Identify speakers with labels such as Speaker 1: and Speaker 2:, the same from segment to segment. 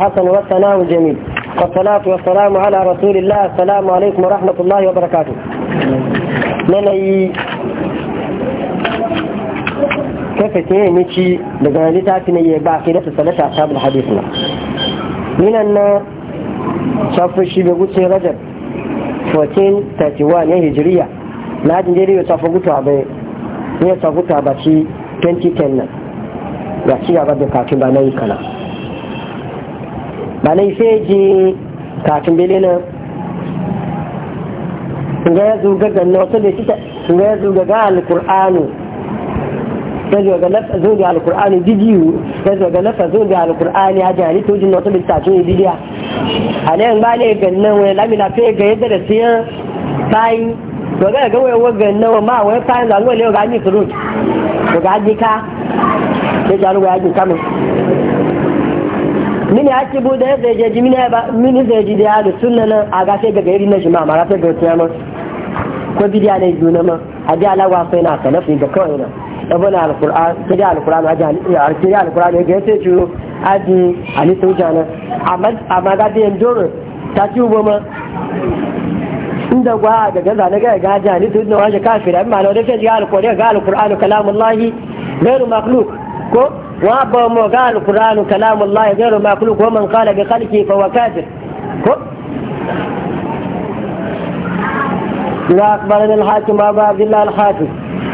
Speaker 1: حسن وثناء جميل والصلاة والسلام على رسول الله السلام عليكم ورحمة الله وبركاته من أي كيف تيمشي لغاية تاتنا يباقي نفس صلاة أصحاب الحديثنا من أن شافوا الشيء بيقول رجب 1431 هجرية na jin jere ya tafi guta bai ya tafi guta ba shi 2010 nan ya ci gaba da kafin ba na yi kana a nan sai ji katin bele nan ga ya zuga ga na wasu da ga ya zuga ga alkur'anu sai zuga lafa zo da alkur'ani bidiyu sai zuga lafa zo da alkur'ani a jihari to jin wasu da kita tun bidiya a nan ba ne ga nan wani lamina fe ga yadda da siyan bayi ga ga wai wa ga nan ma wai fayin zango ne ga ni furut ga ka sai jaru ga ji kamun mini ake bu zai yadda ya ji mini zai ji da ya da sunna nan a gafe ga gairi na shi ma mara ta gautiya ma ko bidiya ne juna ma a ji alawa sai na salafi e e ga kawai na ɗabana alkur'an ta ji alkur'an a ji alkur'an ya gaisa ciwo aji a nisa wujanen amma ga da yanzu ta ci ubo ma inda gwa ga gaza na gaya gaji a nisa wujanen wajen kafin amma na wadda ta ji alkur'an kalamun lahi gairu makhluk ko وابا مو قال القرآن كلام الله غير ما كل ومن قال بخلقه فهو كافر لا اكبر من الحاكم أبا عبد الله الحاكم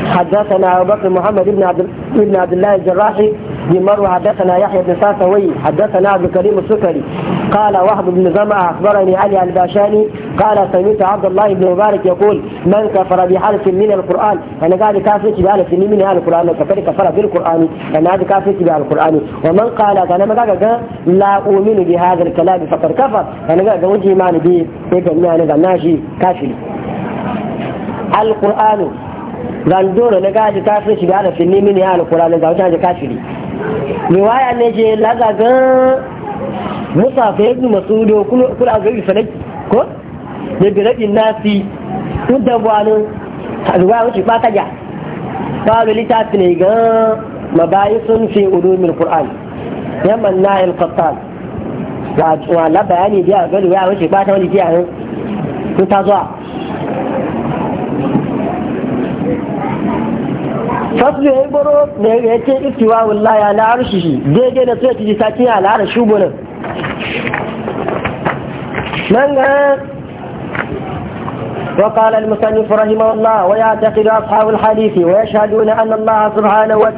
Speaker 1: حدثنا أبو بكر محمد بن عبد, بن عبد الله الجراحي بمر حدثنا يحيى بن ساسوي حدثنا عبد الكريم السكري قال وهب بن زمعة أخبرني علي الباشاني قال سمعت عبد الله بن مبارك يقول من كفر بحرف من القرآن أنا قال كافرت بحرف من القرآن فقد كفر بالقرآن أنا هذا كافرت بالقرآن ومن قال أنا ما قال لا أؤمن بهذا الكلام فقد كفر أنا قال وجهي معني به يقول أنا ناجي كافري القرآن zan dole na gaji kafirci da ana finni mini ya alkura na zaune da kafiri riwaya ne musa laga yi musafa ibn masudo kula zai yi ko da bi rabin nasi duk da a zuwa wuce ba ta ja ba ta littafi ne ga sun fi ulumin yamman na na'il qattan wa labayani biya ga riwaya wuce ba ta wani biya eh? ta zuwa fasu ya yi goro da ya ce istiwa wallahi ala arshihi je da sai ta ji saki ala arshu gurin nan ga wa qala al musannif rahimahu allah wa ya'taqidu ashab al hadith wa yashhaduna anna allah subhanahu wa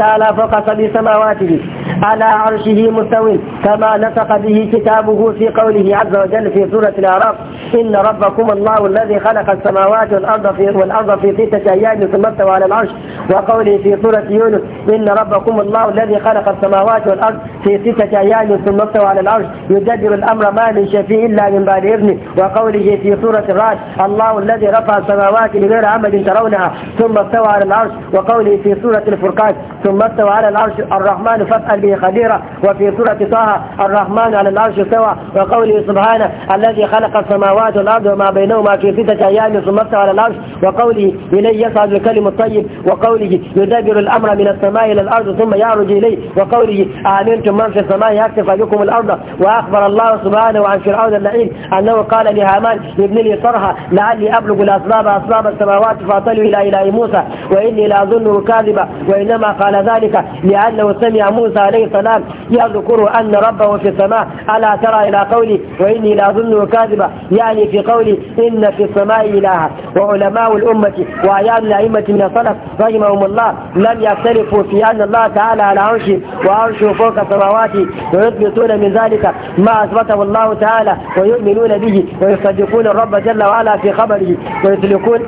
Speaker 1: كما نطق به كتابه في قوله عز وجل في سورة الأعراف إن ربكم الله الذي خلق السماوات والأرض في والأرض في ستة أيام ثم استوى على العرش وقوله في سورة يونس إن ربكم الله الذي خلق السماوات والأرض في ستة أيام ثم استوى على العرش يدبر الأمر ما من شفيع إلا من بعد إذنه وقوله في سورة الرعد الله الذي رفع السماوات لغير عمد ترونها ثم استوى على العرش وقوله في سورة الفرقان ثم استوى على العرش الرحمن فاسأل به خبيرا وفي سورة طه الرحمن على العرش استوى وقوله سبحانه الذي خلق السماوات والأرض وما بينهما في ستة أيام ثم استوى على العرش وقوله إليه يصعد الكلم الطيب وقوله يدبر الأمر من السماء إلى الأرض ثم يعرج إليه وقوله آمنتم من في السماء يكتف بكم الأرض وأخبر الله سبحانه عن فرعون اللعين أنه قال لهامان ابن لي صرها لعلي أبلغ الأسباب أسباب السماوات فاطلوا إلى إله موسى وإني لأظنه كاذبا وإنما قال ذلك لأنه سمع موسى عليه السلام يذكر أنه ربه في السماء ألا ترى إلى قولي وإني لا أظنه كاذبا يعني في قولي إن في السماء إلها وعلماء الأمة وأيام الأئمة من الصلف رحمهم الله لم يختلفوا في أن الله تعالى على عرشه وعرشه فوق السماوات ويثبتون من ذلك ما أثبته الله تعالى ويؤمنون به ويصدقون الرب جل وعلا في خبره ويطلقون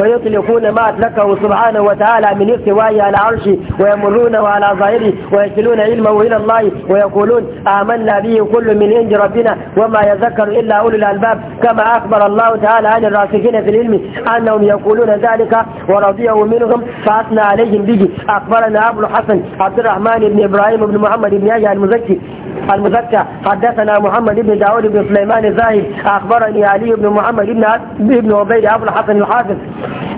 Speaker 1: ويطلقون ما أطلقه سبحانه وتعالى من استوائه على عرشه ويمرون على ظاهره ويصلون علمه إلى الله ويقولون آمنا به كل من عند ربنا وما يذكر إلا أولو الألباب كما أخبر الله تعالى عن الراسخين في العلم أنهم يقولون ذلك ورضيه منهم فأثنى عليهم به أخبرنا أبو الحسن عبد الرحمن بن إبراهيم بن محمد بن يحيى المزكي المذكى حدثنا محمد بن داود بن سليمان الزاهد أخبرني علي بن محمد بن بن عبيد أبو الحسن الحافظ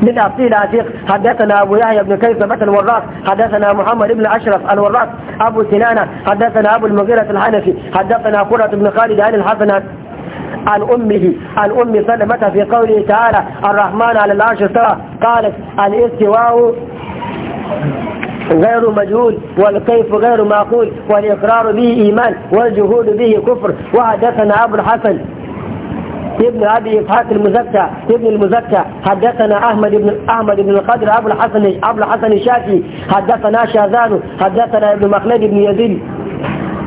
Speaker 1: من أصيل عتيق حدثنا أبو يحيى بن كيسبة الوراق حدثنا محمد بن أشرف الوراق أبو سنانة حدثنا أبو المغيرة الحنفي حدثنا قرة بن خالد عن الحسن عن أمه عن أم سلمة في قوله تعالى الرحمن على العرش استوى قالت الاستواء غير مجهول والكيف غير معقول والإقرار به إيمان والجهود به كفر وحدثنا أبو الحسن ابن ابي اسحاق المزكى ابن المزكى حدثنا احمد بن احمد بن القدر ابو الحسن ابو الحسن الشافي حدثنا شاذان حدثنا ابن مخلد بن يزيد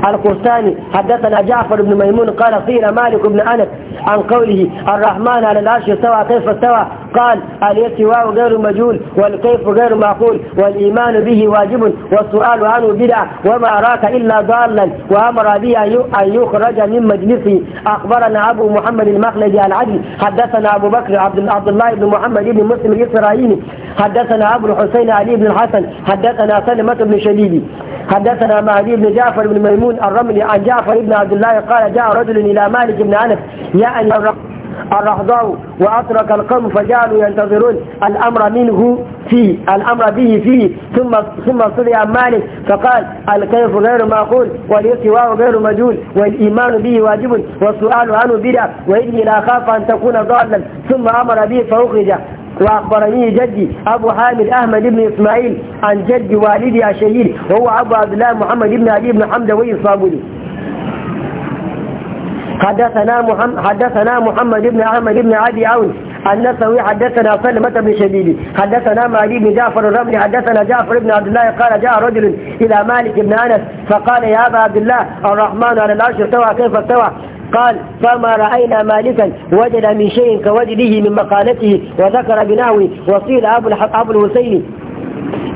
Speaker 1: القرطاني حدثنا جعفر بن ميمون قال قيل مالك بن أنس عن قوله الرحمن على العرش استوى كيف استوى قال الاستواء غير مجهول والكيف غير معقول والإيمان به واجب والسؤال عنه بدعة وما أراك إلا ضالا وأمر به أن يخرج من مجلسه أخبرنا أبو محمد المخلدي العدل حدثنا أبو بكر عبد الله بن محمد بن مسلم الإسرائيلي حدثنا أبو الحسين علي بن الحسن حدثنا سلمة بن شديد حدثنا مهدي بن جعفر بن ميمون الرملي عن جعفر بن عبد الله قال جاء رجل إلى مالك بن أنس يعني الرهضاء وأترك القوم فجعلوا ينتظرون الأمر منه فيه الأمر به فيه ثم ثم صلي عن مالك فقال الكيف غير معقول والاستواء غير مجهول والإيمان به واجب والسؤال عنه بلا وإني لا أخاف أن تكون ضالا ثم أمر به فأخرج وأخبرني جدي أبو حامد أحمد بن إسماعيل عن جد والدي الشهيد وهو أبو عبد الله محمد بن علي بن حمد الصابوني حدثنا محمد حدثنا محمد بن احمد بن عدي عون النسوي حدثنا سلمة بن شديد حدثنا مالي بن جعفر الرملي حدثنا جعفر بن عبد الله قال جاء رجل إلى مالك بن أنس فقال يا أبا عبد الله الرحمن على العرش استوى كيف استوى قال فما رأينا مالكا وجد من شيء كوجده من مقالته وذكر بنحوه وصيل أبو, أبو الحسين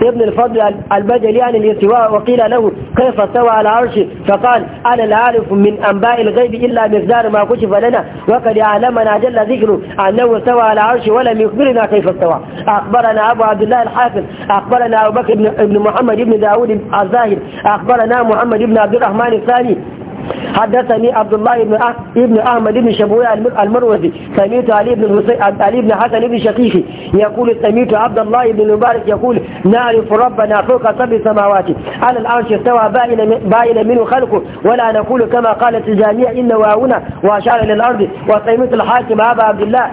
Speaker 1: ابن الفضل البجلي عن الاستواء وقيل له كيف استوى على عرشه فقال أنا لا أعرف من أنباء الغيب إلا مقدار ما كشف لنا وقد أعلمنا جل ذكره أنه استوى على عرشه ولم يخبرنا كيف استوى أخبرنا أبو عبد الله الحافظ أخبرنا أبو بكر بن محمد بن داود الزاهد أخبرنا محمد بن عبد الرحمن الثاني حدثني عبد الله بن ابن احمد بن شبويه المروزي سمعت علي بن علي بن حسن بن شقيقي يقول سمعت عبد الله بن مبارك يقول نعرف ربنا فوق سبع سماوات على العرش استوى باين باين منه خلقه ولا نقول كما قالت الجاميع ان واونا واشار الى الارض وسمعت الحاكم ابا عبد الله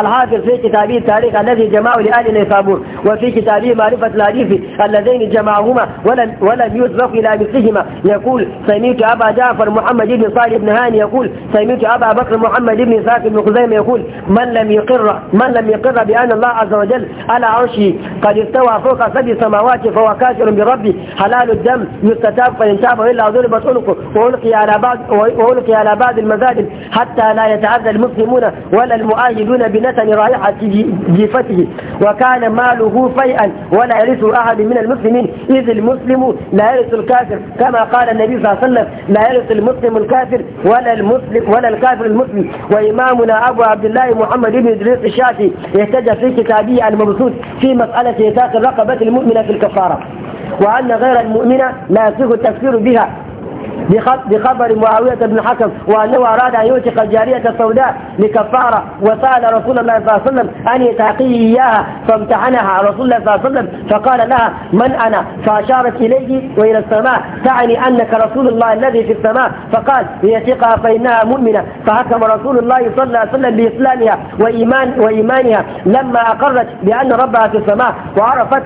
Speaker 1: الحافظ في كتابه التاريخ الذي جمعه لأهل نيسابور وفي كتابه معرفة الحديث اللذين جمعهما ولم, ولم يسبق إلى مثلهما يقول سميت أبا جعفر محمد بن صالح بن هاني يقول سميت أبا بكر محمد بن ساكن بن خزيمة يقول من لم يقر من لم يقر بأن الله عز وجل على عرشه قد استوى فوق سبع سماوات فهو كافر بربه حلال الدم يستتاب فإن تاب إلا ضربت عنقه وألقي على بعض وألقي على بعض المذاهب حتى لا يتعدى المسلمون ولا المؤيدون المؤاهدون مائلة لرائحة جيفته وكان ماله فيئا ولا يرثه أحد من المسلمين إذ المسلم لا يرث الكافر كما قال النبي صلى الله عليه وسلم لا يرث المسلم الكافر ولا المسلم ولا الكافر المسلم وإمامنا أبو عبد الله محمد بن إدريس الشافعي يحتج في كتابه المبسوط في مسألة إيثاق الرقبة المؤمنة في الكفارة وأن غير المؤمنة لا يصح التكفير بها بخبر معاوية بن حكم وأنه أراد أن يعتق الجارية السوداء لكفارة وسأل رسول الله صلى الله عليه وسلم أن يتعقيه إياها فامتحنها رسول الله صلى الله عليه وسلم فقال لها من أنا فأشارت إليه وإلى السماء تعني أنك رسول الله الذي في السماء فقال ليثقها فإنها مؤمنة فحكم رسول الله صلى الله عليه وسلم بإسلامها وإيمان وإيمانها لما أقرت بأن ربها في السماء وعرفت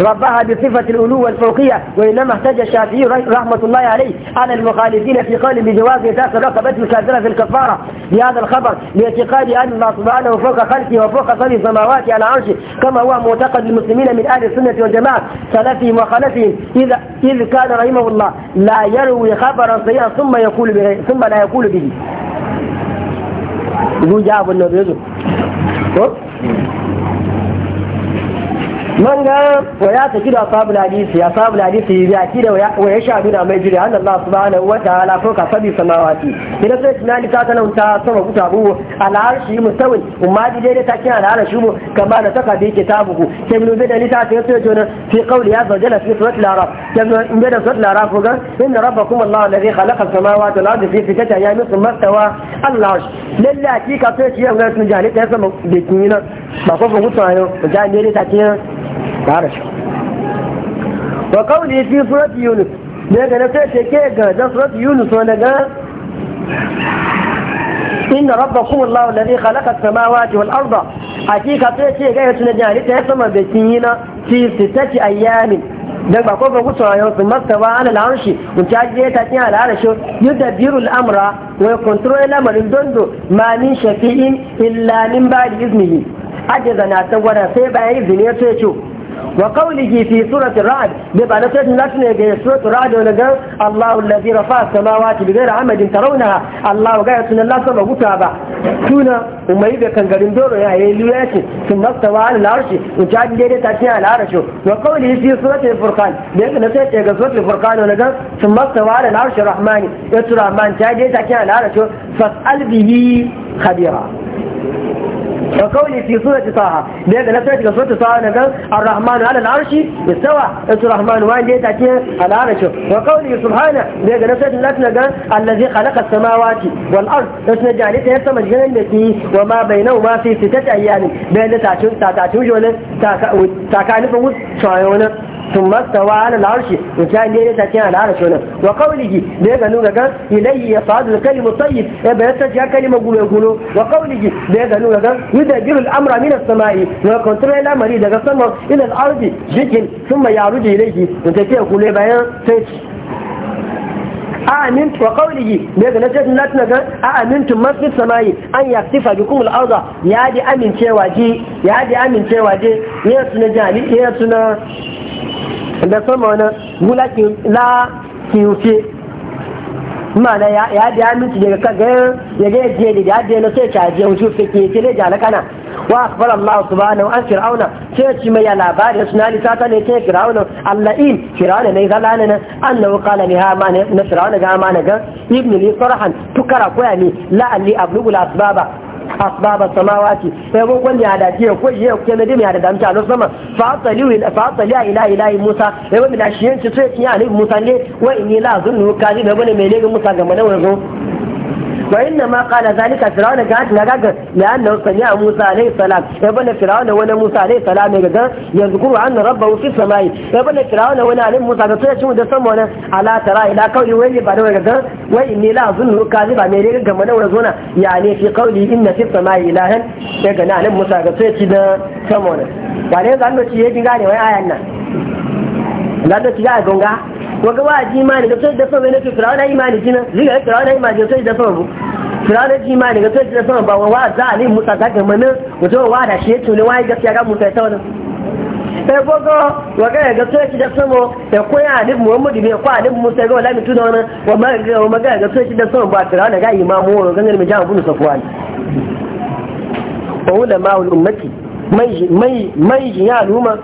Speaker 1: ربها بصفة الألو والفوقية وإنما احتج الشافعي رحمة الله عليه على المخالفين في قول بجواز إساس الرقبة الكافرة في الكفارة بهذا الخبر لاعتقاد أن الله سبحانه فوق خلقه وفوق سبع السماوات على عرشه كما هو معتقد المسلمين من أهل السنة والجماعة سلفهم وخلفهم إذا إذ كان رحمه الله لا يروي خبرا صحيحا ثم يقول به ثم لا يقول به يقول جاب النبي man ga wa ya tafi da asabul hadisi ya asabul hadisi ya ki da wa ya shahadu da mai jira anna Allah subhanahu wa ta'ala ko ka sabi samawati idan sai tunani ta tanan ta sama kuta bu ala arshi musawin umma di dai ta kin ala arshi mu kama da taka bi kitabu ku sai mun da ni ta ta yato jona fi qawli ya zajala fi surat al-arab sai mun in da surat al-arab ko ga inna rabbakum Allah alladhi khalaqa as-samawati wal ardi fi sittati ayamin thumma istawa Allah lalla ki ka sai ci yan ga sun jani ta sama da kinina ba ko ku mutayo ga ne ta kin kara shi wa kauli fi surati yunus ne ga na sai sheke ga wajen surati yunus wani ga inna rabbakum allah alladhi khalaqa as-samawati wal arda hakika sai ce ga yasu na jari ta yasa mabai kin yi na fi sitati ayyamin dan ba ko ba kusa yau su masaba ala alarshi mun ta je ta tin ala alarshi yudabiru al-amra wa yakuntru ila malin dondo ma min shafi'in illa min ba'di iznihi ajza na tawara sai ba yi zine sai وقوله في سورة الرعد بيبقى سورة لكن في سورة الرعد ونقول الله الذي رفع السماوات بغير عمد ترونها الله قال سنة الله سبا قتابا سنة وما يبقى كان قرم دوره يا إلياتي ثم استوى على العرش وجعل ليلة تأتي على العرش وقوله في سورة الفرقان بيبقى نسيت في سورة الفرقان ونقول ثم استوى على العرش الرحمن يسر الرحمن تأتي على العرش فاسأل به خبيرا ka kauli fi surati taha da yadda na sai ga surati taha daga ar-rahmanu ala al-arshi istawa isu rahmanu wa inda take ala arshi wa kauli subhana da yadda na sai lati daga allazi khalaqa samawati wal ard isna jalita ya sama jinan da ki wa ma bainahuma fi sittati ayyamin da yadda ta tun ta ta tun jole ta ka ta ثم استوى على العرش وكان ليه تاتينا على العرش هنا وقوله بيغا نوغا كان إليه يصعد الكلم الطيب يبقى يستجع كلمة قولوا يقولوا وقوله بيغا نوغا كان يدبر الأمر من السماء ويقنطر إلى مريد إلى الأرض جكل ثم يعرج إليه وتكيه يقول بيان سيتش amin wa qawlihi me ga nace tun ga masjid an yaktifa bikum al-arda ya ji amincewa ji ya ji amincewa je suna jali ya suna da sama mana ya biya miki daga ga ya ga ne da na sai ta je wuce fike ke ne na kana wa akbar Allah subhanahu an fir'auna sai ci mai labari suna lisa ta ne ke fir'auna allahin fir'auna ne zalana nan annahu qala li ma na fir'auna ga amana ga ibn li sarhan tukara koya ne la alli asbaba asbaba samawati sai ko kun ya da ke ko ya ko ne dimi ya da damta lo sama fa taliu ila fa taliya ila ila musa sai ba mi da shi yanci sai kin ya ne musa ne wa inni la zunnu kazi da bane mai ne musa ga mana wazo وإنما قال ذلك فرعون كانت لقاك لأنه سمع موسى عليه السلام يبنى فرعون ولا موسى عليه السلام يذكر أن ربه في السماء يبنى فرعون ولا علم موسى قصير شو دسمونا على ترى إلى قول ويلي بعده ويقدر وإني لا أظنه كاذبا ميريك كمنا ورزونا يعني في قولي إن في السماء إلها يقنا علم موسى قصير شو دسمونا وعليه ذلك يجي غاني ويا آيانا لأنه تجاه waga a ji imani ga sai da sama ne fir'auna imani jina liga fir'auna imani ga sai dafa sama bu fir'auna ji imani ga sai dafa sama ba wa za ali musa ga mana wato wa da shi ya tuni wa wai gaskiya ga musa ta sai gogo ga sai ya koya ne muhammadu bai kwa musa ga wala mitu da wa ma ga wa wani ga sai da sama ba ga imamu gangan mai bunu mai jiya al'umma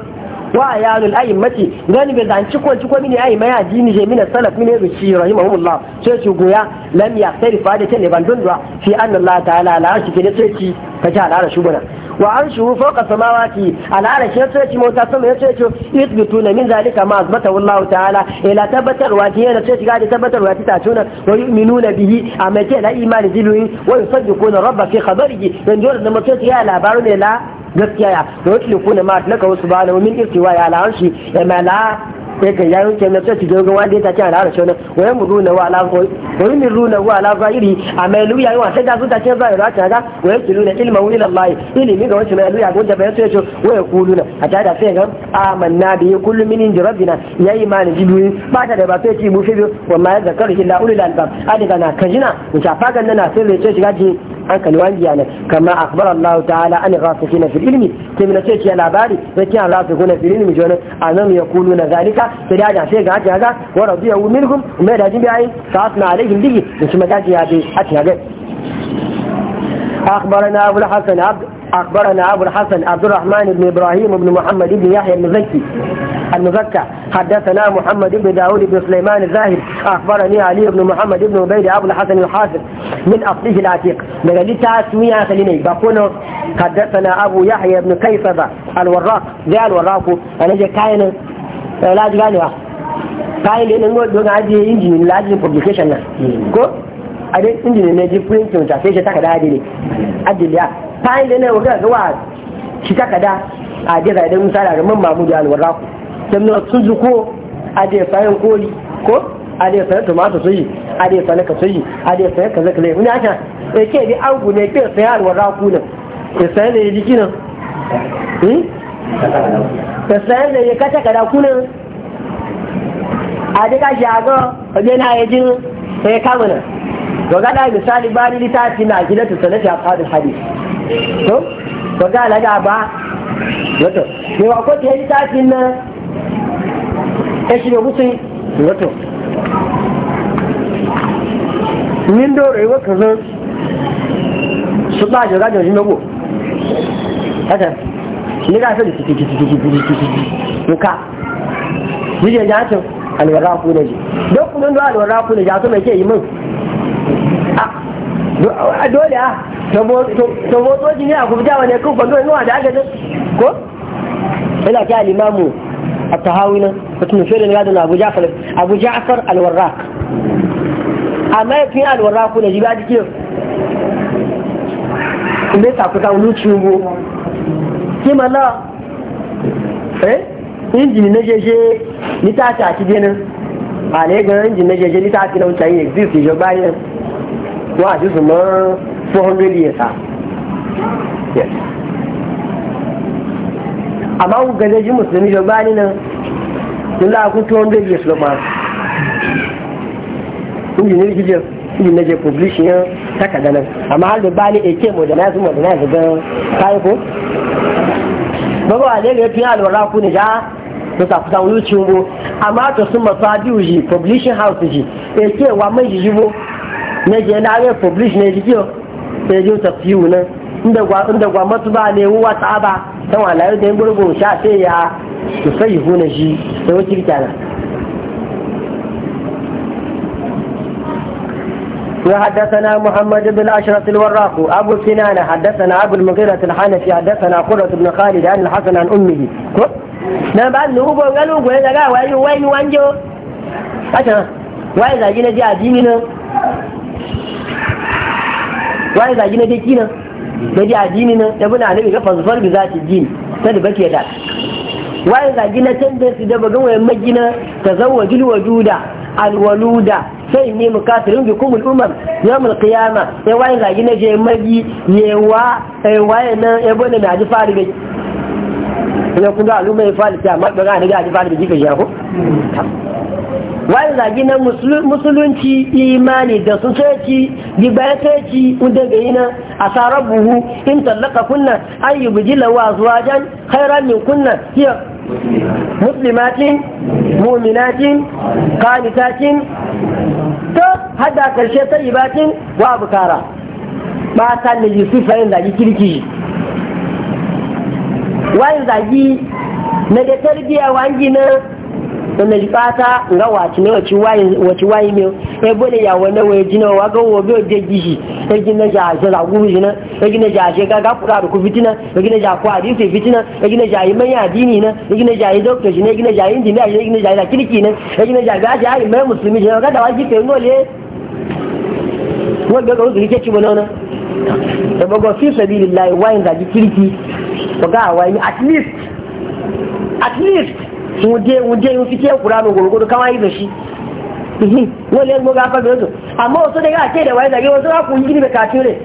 Speaker 1: wa ayalul a'immati gani be zan ko ciko mini ayi mai addini je mina salaf mini shi rahimahullah sai ci goya lam ya sai fa da ke ne bandun fi anna ta'ala la shi ke ne sai ci ka ci ala bana wa an shuhu fawqa samawati a shi yace mota sama yace ci yuthbitu min zalika ma azbata wallahu ta'ala ila eh, tabbatarwa ki yana ce ga tabbatarwa ta tacuna wa yu'minuna bihi amma ke la imani diluin wa yusaddiquna rabba fi khabarihi dan dole da mutum ya labaru ne la gaskiya ya wa yutlifuna ma atlaka subhanahu min irtiwa ala arshi ya eh, la. sai kan yayin ke na tsaci dogon wanda ya tace ala rashin wayan mu runa wa ala ko wayan mu runa wa ala zahiri amma lu yayin wa sai da su tace zahiri ta ga wayan ki runa ilma wa ilallahi ilimi ga wacce mai lu ya gonja bayan sai ce wayan kuluna a ta da sai ga amanna bi kullu min inda rabbina yayi imani jibril ba ta da ba sai ci mu fi wallahi zakaru illa ulil albab adiga na kajina mu shafa ganna na sai zai ce shiga ji an hankali wani yana kama akbar Allah ta'ala an ghasifina fil ilmi ke mina ce ce labari da kiyan ghasifuna fil ilmi jona anam na zalika sai da sai ga ta ga wa rabbiya minhum mai da jin bai sa'atna alaihim bihi da shi magaji ya bi a ta ga أخبرنا أبو الحسن عبد أخبرنا أبو الحسن عبد الرحمن بن إبراهيم بن محمد بن يحيى المزكي المزكى حدثنا محمد بن داود بن سليمان الزاهد أخبرني علي بن محمد بن عبيد أبو الحسن الحافظ من أصله العتيق من اللي تاسمية خليني بقوله حدثنا أبو يحيى بن كيفبة الوراق ذا الوراق أنا جا كاين لا جاني كاين لأنه دون عادي يجي لا عادي publication ko a dai injini ne ji printin ta sai shi takada adili adiliya fayin da ne wakil zuwa shi takada a dai zai dai misali ga man mamu da alwarra ku sai na sun zuko a dai sayan koli ko a dai sayan tomato su a dai sayan ka su a dai sayan ka zaka Mun aka eh, ke an ku ne ke sayan ku sayan da hmm? sayan da ya kata kada ku a dai ka shi a ga wajen na ya to ga da misali ba ni litafi na gidatu sanata fadu hadith to to ga da ba wato wa ko ta litafi na kashi da musu wato min do rewa kazan su ba jira da shi mago haka ni ga sai kiki kiki kiki kiki ka ni je ya ce alwara ku ne don kuma alwara ku ne ya so ke yi min dole ah, a tabbotoci ne a kubta wane kan kwando nuwa da agajin ko? ina ta alimamu a tahawi nan mutum fiye da nira Abuja abu ja'afar alwarrak amma ya fi alwarraku na jiba jikin ne sakuta wuluci ugbo kima na eh injini na jeje ni ta ta ci denin a ne ga injini na jeje ni ta ci na wuce yin exist ya bayan wọ́n àti sùn mọ́ four years ah yes àmọ́ àwọn gẹ̀dẹ̀ jí mùsùlùmí jọgbá nínú nílá kú two hundred years ló pa injiniya jíjẹ injiniya jẹ publish yẹn nan amma har da bani ake modernize modernize ga kayi ko Baba a ne ya fi alwara ku ne ja da ta kusa wuce bo amma to sun masu adiyu ji publishing house ji ake wa mai ji jibo ne ke na ake publish ne video? Sai ne jiki o tafi yiwu ne inda gwa matu ba ne wuwa ta ba don wa layu da yin gburugbo sha te ya su sai yi hune shi da wuci ta na ya haddasa na muhammad ibn ashirat al-warraku abu sinana haddasa na abu al-mughirat al-hanafi haddasa na kudrat ibn khalid an al-hasan an ummihi ko na ba ni ugo ngalu ugo ya ga wayu wayu wanjo acha wayu da jina ji adini no waye zagi na dai kinan da a addini nan da buna annabi ga fasfar bi zati ji ta da bake da wai zagi na tanda su da bagan wayan magina tazawwajul wajuda alwaluda sai ne kafirin bi kumul umar yawmul qiyama sai waye zagi na je magi yewa sai eh, wai nan ya bane da ji fari bai ya kuma alumai ya ta amma ba ga ni ga ji fari bai kika shi ko wani zagi na musulunci imani da su soci gibayar soci wanda ga yi na a tsarar buhu in tallaka kunna an yi buji lawa zuwa jan hairar min kunna iya muslimatin muminatin kanitatin ta hada karshe batin wa bukara ba ta ne yusufa yin zagi kirki wani zagi na da tarbiya wangi na sannan ji fata ga wace ne wace wayi e ne ya bane ya wani waye jina wa ga wobe o de gishi ya e gina jashe la guru jina ya e gina jashe ga ga kura da ku fitina ya gina ja ku hadisi fitina ya gina jayi manya addini na ya gina jayi doctor jina ya gina jayi injiniya ya gina jayi da kirki na ya gina jayi ga jayi mai musulmi jina ga da waji fe ngole wanda ga uzuri ke ci bonona da bago fi sabilillahi wayin da kirki ga wayi at least at least wuje wuje yi fike kuranu gurgudu kama yi da shi wani yanzu ga fa gazo amma wasu da ya ce da wani zage wasu ku yi da kafin ne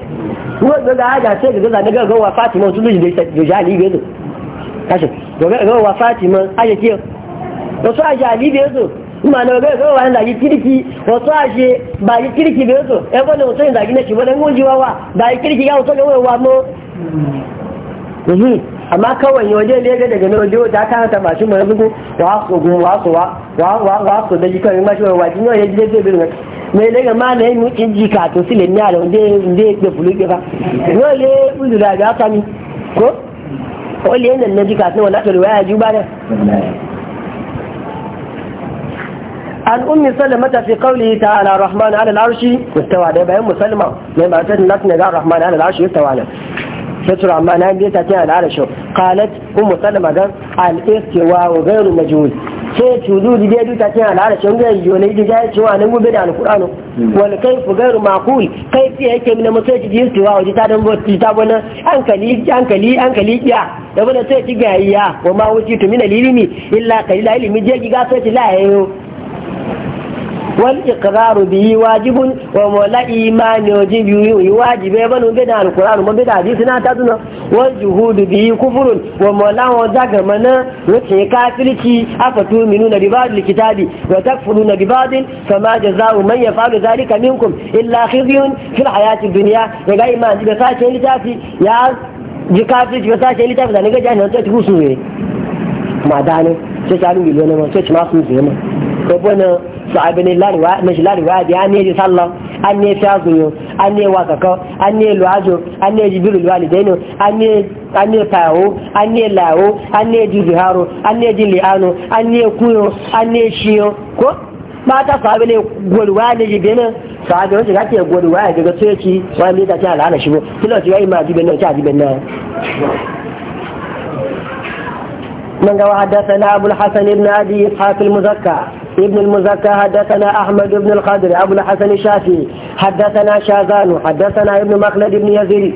Speaker 1: wani ga haja ce da zaza daga gawa fatima wasu zuji da jali gazo kashi daga gawa fatima aje wasu a jali gazo ma na ga gawa wani zage kirki wasu a ba yi kirki gazo ya e, gwada wasu yin zage na shi wani gunjiwa wa ba yi kirki ya wasu gawa wa mo amma kawai waje ne ga daga waje waje ta kana ta mashi mai zugu wa so gun wa wa wa wa so da jikan ma shi wa jinyo ya jide bi ne mai ne ga ma ne mu inji ka to sile ne ala unde unde ke fuluke yau dole uzu da ga ka ni ko o le ne ne jika to wala to waya ju ba ne an ummi ta fi qawlihi ta'ala rahman ala al-arshi istawa da bayan musallama ne ba ta nasu ne ga rahman ala al-arshi istawa ne فتر عمان هاي تاتي على العرش قالت ام سلمة قال الاستواء غير مجهول sai cudu da bai duka cikin al'adashin ga yiwu na yi jaya cewa nan gobe da alkur'anu hmm. wani kai fu gairu makul kai fiye yake mina mutum ci jiyar cewa waje ta dambo ci ta gwanin hankali hankali hankali kiya da bana sai ci gayiya wa ma wuce tu mina lilimi illa kalila ilimi je ga sai ci la والإقرار به واجب ومولا إيمان يجب يواجب يبنو بدا القرآن وبدا حديثنا تدنا والجهود به كفر ومولا وزاق منا وكي كافرتي أفتؤمنون ببعض الكتاب وتكفرون ببعض فما جزاء من يفعل ذلك منكم إلا خزي في الحياة الدنيا يقول إيمان بساشة لتافي يا جكافرتي بساشة لتافي لأنه جاهنا تتبوسوا ما دانه تشعروا بلونه ما تشعروا بلونه ko bona sahabi lariwa da an ne sallon an ne ta zuyo an ne wakaka an ne luwazo an ne jibiru walidaino an ne an ne tawo an ne lawo an ne jiziharo an ne jiliano an ne kuyo an ne shiyo ko mata sahabi ne gwarwa ne jibiru sahabi wajen kake gwarwa ya daga tsoyaci wani ne ta ce al'ana shi ko kila ce yi ma jibin nan ta jibin nan من حدثنا أبو الحسن بن أبي إسحاق المزكى ابن المزكى حدثنا أحمد بن الخضر أبو الحسن الشافعي حدثنا شاذان حدثنا ابن مخلد بن يزيد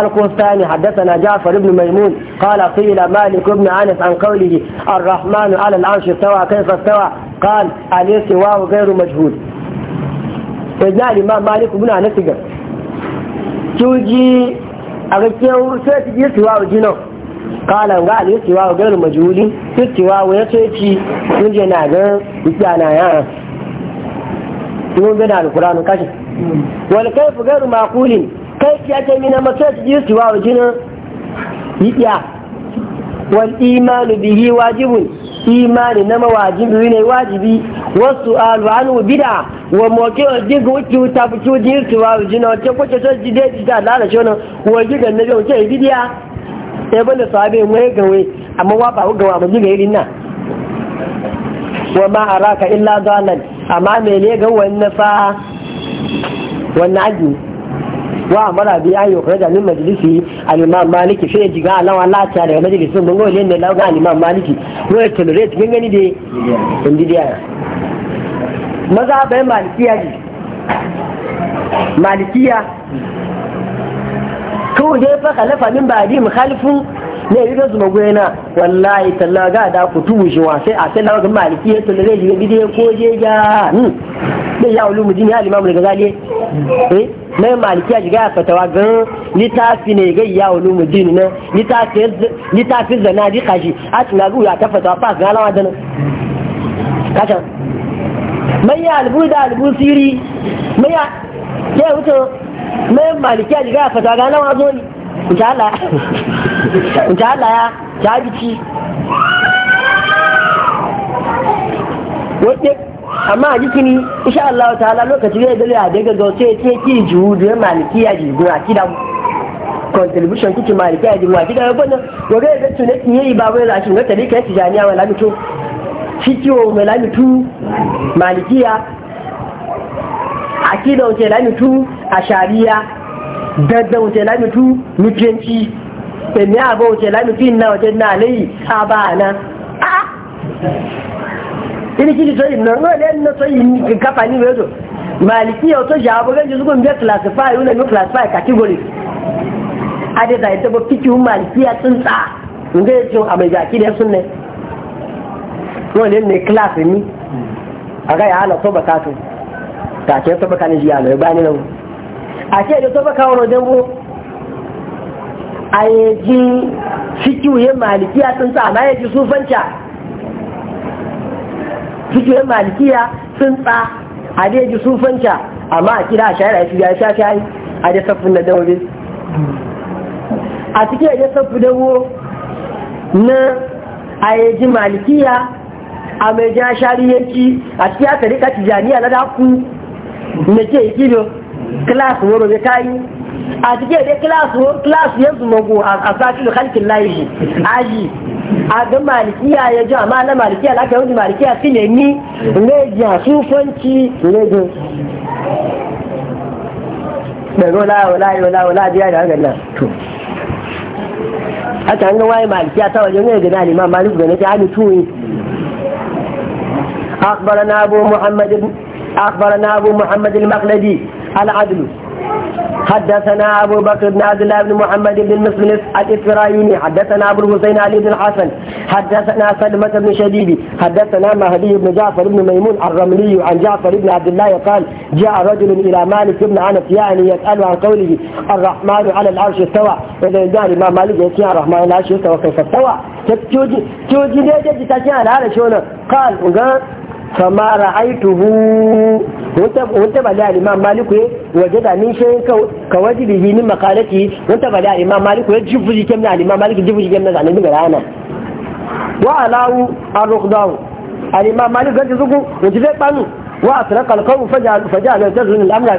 Speaker 1: القسطاني حدثنا جعفر بن ميمون قال قيل مالك بن انس عن قوله الرحمن على العرش استوى كيف استوى قال الاستواء غير مجهول فجاء الامام مالك بن انس توجي اغكيو سيتي استواء جنو kala ga ne cewa ga garin majuli sai cewa wa ya ci kun je na ga dukiya na ya kun ga da alquran kashi wal kayf garu maqulin kai ya ce mina masa ji cewa wa jinin yiya wal iman bihi wajibun imani na mawajibi ne wajibi wasu alwanu bid'a wa moke wa diga wuce wuta fi ciwo wa wace kwace sai jide jida lalace wani wa na biyu bidiya ya bane sahabe mai gawe amma wa ba gawa ba jiga irin nan wa ma araka illa zalal amma me ne ga wannan fa wannan aji wa amara bi ayo ko da min majlisi al-imam maliki sai jiga alawa lata daga majlisin mun gole ne lawa al-imam maliki ko ya tolerate kin gani dai indiya maza bai malikiya ji malikiya kawai dai fa khalafa min ba'di mukhalifun ne yi zuma goyena wallahi talla ga da ku tubu shi wa sai a sai lawa kan maliki ya tulle zai jiga bidiyo ko je ga hmm dai ya ulu mujin ya al-imam al-ghazali eh mai maliki ya jiga fatawa gan litafi ne ga ya ulu mujin ne litafi litafi zana di kashi a tuna ga ya ta fatawa fa ga lawa dan kacha mai ya albu da albu siri mai ya ya wuce mai malikiya jiga ya fata gana wa zo ne kuta Allah ya ta biki wadda amma a jikini insha Allah ta'ala lokaci zai dole a daga ga sai ce ki juhudu ya malikiya jigun a kidan contribution kike malikiya jigun a kidan wannan gobe da tunai yi ba wai rashin ga tarika kai tijaniya wala mutum fikiyo mai lamitu malikiya akida wace lamitu a shari'a dadda wuce lamitu nufiyanci ɗanne abu wuce lamitu ina wuce na alayi a ba na a ini kili soyi na ruwa role na soyi kafa ni wezo maliki ya to jabo ganji zugun be classify una no classify category ade da ita ba fiki un maliki ya tsinsa nge yo amai ga kide sunne role ne class ni aga ya ala to bakatu ta ce to bakani ji ala ba ni na àti ẹ̀dọ́ tó bá káwọn ọ̀rọ̀ dẹ́wọ́ àyẹ̀jì fíkìwé màlìkíyà tó ń ta àmáyẹ̀jì súnfẹ́ǹtà fíkìwé màlìkíyà tó ń ta a súnfẹ́ǹtà àmá àkídà àṣàyẹ̀rà ìfìyà ṣáṣáyì àdẹ́sọ́fún dẹ́wọ́ a a cikin yadda safi dawo na ayyaji malikiya a mai ja shariyanci a cikin aka rika tijaniya na daku na ke ikilo kíláàsì wo lóye káyí àti kí èdè kíláàsì wo kíláàsì yẹn tún mọ̀gùn àsáàkìlù kálíkìlì láyé yìí àgbẹ̀ màlìkíyà yẹjọ́ àmọ́ alẹ́ màlìkíyà lákẹ́wọ́n ti màlìkíyà lè ní ìrẹ́jì àsúfẹ́ǹtì ìrẹ́jì aka yau gina liman malik gane tuwi محمد أخبرنا abu محمد المقلدي العدل حدثنا أبو بكر بن عبد الله بن محمد بن المسلس الإسرائيلي حدثنا أبو الحسين علي بن الحسن حدثنا سلمة بن شديد حدثنا مهدي بن جعفر بن ميمون الرملي عن جعفر بن عبد الله قال جاء رجل إلى مالك بن عنف يعني يسأل عن قوله الرحمن على العرش استوى إذا قال ما مالك يسيع الرحمن على العرش استوى كيف استوى تجي تجي ليه تتشان هذا قال وقال kama ra'aituhu wata ba da al-imam maliku waje da min shayin ka wajibihi min makalati wata ba da al-imam maliku ya jifuji kemna al-imam maliku jifuji kemna zanen daga rana wa alahu ar-rukhdaw al-imam maliku gaji zugu wace zai banu wa asraqa al-qawm faja'ala tazun al-amra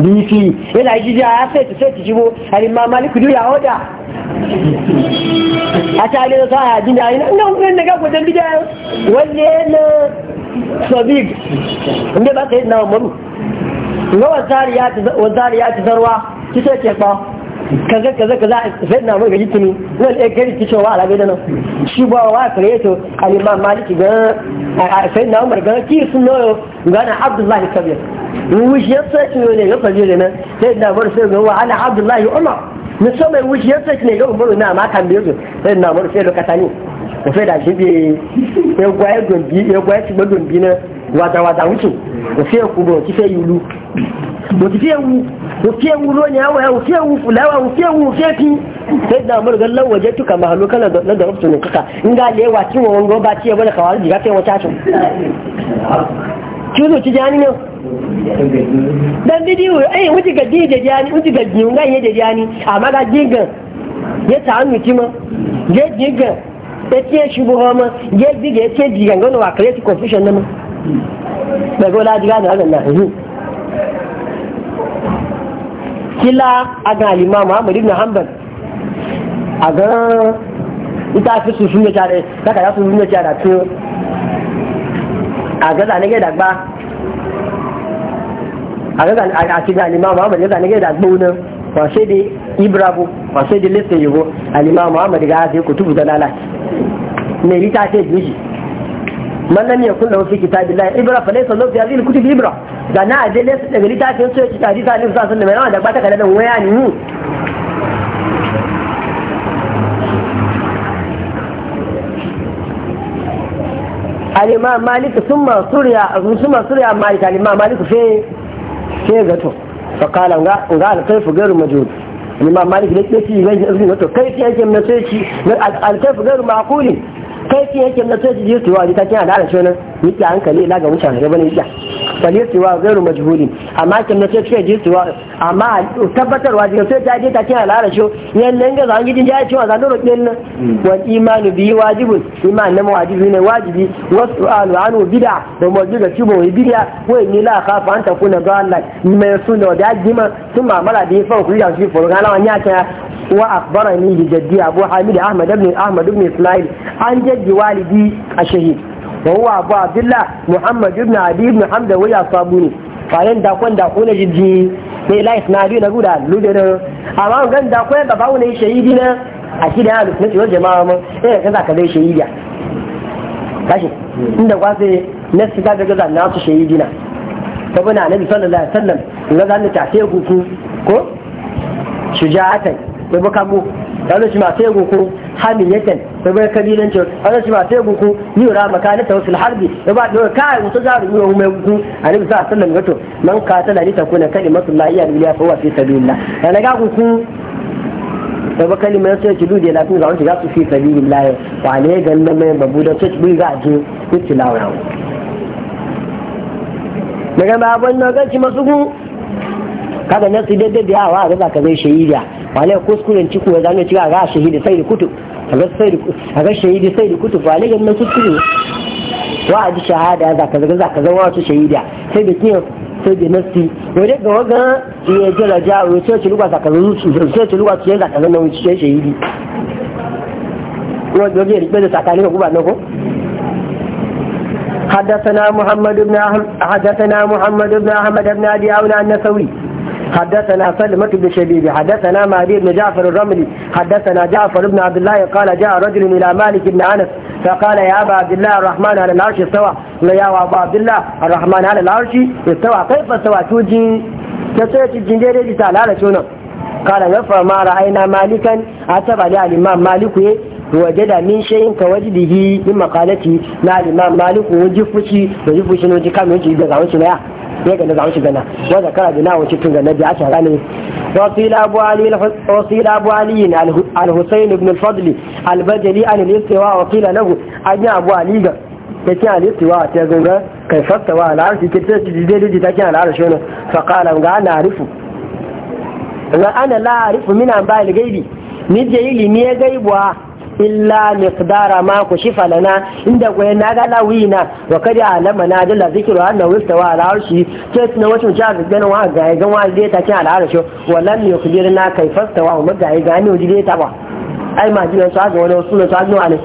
Speaker 1: bifi yana jiji a sai ta sai ta jibo al-imam maliku ya oda a ta ne sa ya dinda ina ina ne daga gudan bidiyo wanne ne sabig inda ba sai na umaru ga wazariyati zarwa kisa ke ba kaza kaza kaza sai na umaru ga jitini wal e gari kice wa alabe da nan shi ba wa kare to al-imam maliki ga sai na umaru ga ki sun noyo ga na abdullahi kabir wushi ya sai ne ya faje da nan sai na umaru sai ga wa ana abdullahi umar musamman wushi ya sai ne ga umaru na ma kan biyo sai na umaru sai lokata ne òfẹ́ ìdàṣẹ́ bí ẹgbà ẹgbà gbọ́dọ̀ bí náà wàdàwàdà wùtù òfẹ́ ẹ̀kú bọ̀ òfẹ́ ìlú òfẹ́ ewu òfẹ́ ewu lónìí àwọ̀ ẹ̀ òfẹ́ ewu fùláwà òfẹ́ wu òfẹ́ kí sai da amurga lawaje tuka mahalo kana na da rufu ne kaka in le wa kin wongo ba ci bane kawar diga kai wata tun kizo ci jani ne dan bidiyo eh wuti ga dije jani wuti ga jinga ye jani amma ga jinga ye ta annu ma je jinga ya ce shi buho ma ya bi da ya ce jigan gano wa confusion na ma bai gola jiga da na hu kila a alima muhammad ibn hanbal a ga ita fi su sun da ya su sun da tare to a ga zane ga dagba a ga a ci ga alima muhammad ya zane ga dagba wunan kwashe da ibrahim kwashe yiwu alima muhammad ga ya kutubu da lalace mai rita ce mishi man lam yakun lahu fi kitabillahi ibra fa laysa lahu fi hadhihi ibra da na aje daga rita ce so ci ta annabi sallallahu alaihi wasallam da ba ta kaladan waya ni mu alima malik summa surya summa surya malik alima malik fe gato fa kala nga nga alkaifu gairu majhul malik ke ci gaji azumi gato kai ci yake kai ki yake na sai ji tuwa ji ta kina da shi nika hankali ila ga wucin gaba ne yake fali siwa gairu majhuli amma kin nace ce ji siwa amma tabbatarwa ji sai ta je ta kina lara sho yan nan ga zan gidin jaya cewa zan dole din wa wal imanu bi wajibun iman nan wajibi ne wajibi wasu'alu anu bid'a da mawdu da cibo bid'a ko ni la khafa an takuna dalal mai sunna da jima sun mamala da yafa ku ya shi furu kana wani ta wa akbarani bi jaddi abu hamid ahmad ibn ahmad ibn ismail an jaddi walidi a shahid وهو أبو عبد الله محمد بن عدي بن حمد ويا صابوني fayin da kwan da kuna jijji ne lais na biyu na guda lubirin amma gan da kwan da bawu ne shahidi na a shi da yana na ciwon jama'a mun eh ka za ka zai shahidi kashi inda kwase na su ka gaza na su shahidi na ta bana sallallahu alaihi wasallam ga zan ta sai ku ko shuja'atan da bukamu wani shi masu yagu ku hamin yakan da bai kabilancin wani shi masu sai ku yi ra makana ta wasu harbi da ba da kai mutu za mu yi mai ku a nabi sa sallan gato man ni ta lalita kuna kalimatu la iya duliya fa wa fi sabilillah da ga ku da ba kalimar sai ki dude la kun ga wani za su fi sabilillah wa ne ga nan mai babu da sai ki ga ji ku tilawa daga babban na gaci masu ku kada nasu daidai da yawa ga zaka zai shahida wale kuskuren ciku ya zane cewa ga shahidi sai da kutu a ga shahidi sai da kutu wale ga nan kuskure wa a ji shahada za ka zaga za ka zama wasu shahida sai da kiyan sai da nasi wadda ga waga iya jira jawo ya ce ci lugwa za ka zama sai ci lugwa ci yanzu ka zama wuce shahidi wanda ya rikpe da tsakanin ga guba na حدثنا محمد بن أحمد حدثنا محمد بن أحمد بن أبي عون النسوي حدثنا سلمة بن شبيب حدثنا مهدي بن جعفر الرملي حدثنا جعفر بن عبد الله قال جاء رجل إلى مالك بن أنس فقال يا أبا عبد الله الرحمن على العرش استوى قال يا أبا عبد الله الرحمن على العرش استوى كيف استوى توجي تسويت الجنجيري لتعالى على شنو قال نفر ما رأينا مالكا أتبع لي الإمام مالك wajada min shayin ka wajidihi min maqalati na al-imam malik wajifushi wajifushi ne jika ne daga wancin ya ya ga nazarin shi gana wa zakara bina wace tun ga nabi aka gane وصيل أبو علي الحسين بن الفضل البجلي عن الاستواء وقيل له أجن أبو علي تكين على الاستواء تقول كيف استوى على العرش كيف تكي على العرش فقال أنا أعرف أنا لا أعرف من أنباء الغيب نجي لي مية غيبها illa miqdara ma ku shifa lana inda gwaye na ga lawina wa kada alama na dalla zikru anna wistawa ala arshi sai na wato ja ga ganin wa ga ga wa dai ta kin ala arshi wallan yukhbirna kayfa stawa mu ga ga ne wajin ta ba ai ma jiran sa ga wani wasu ta ga ne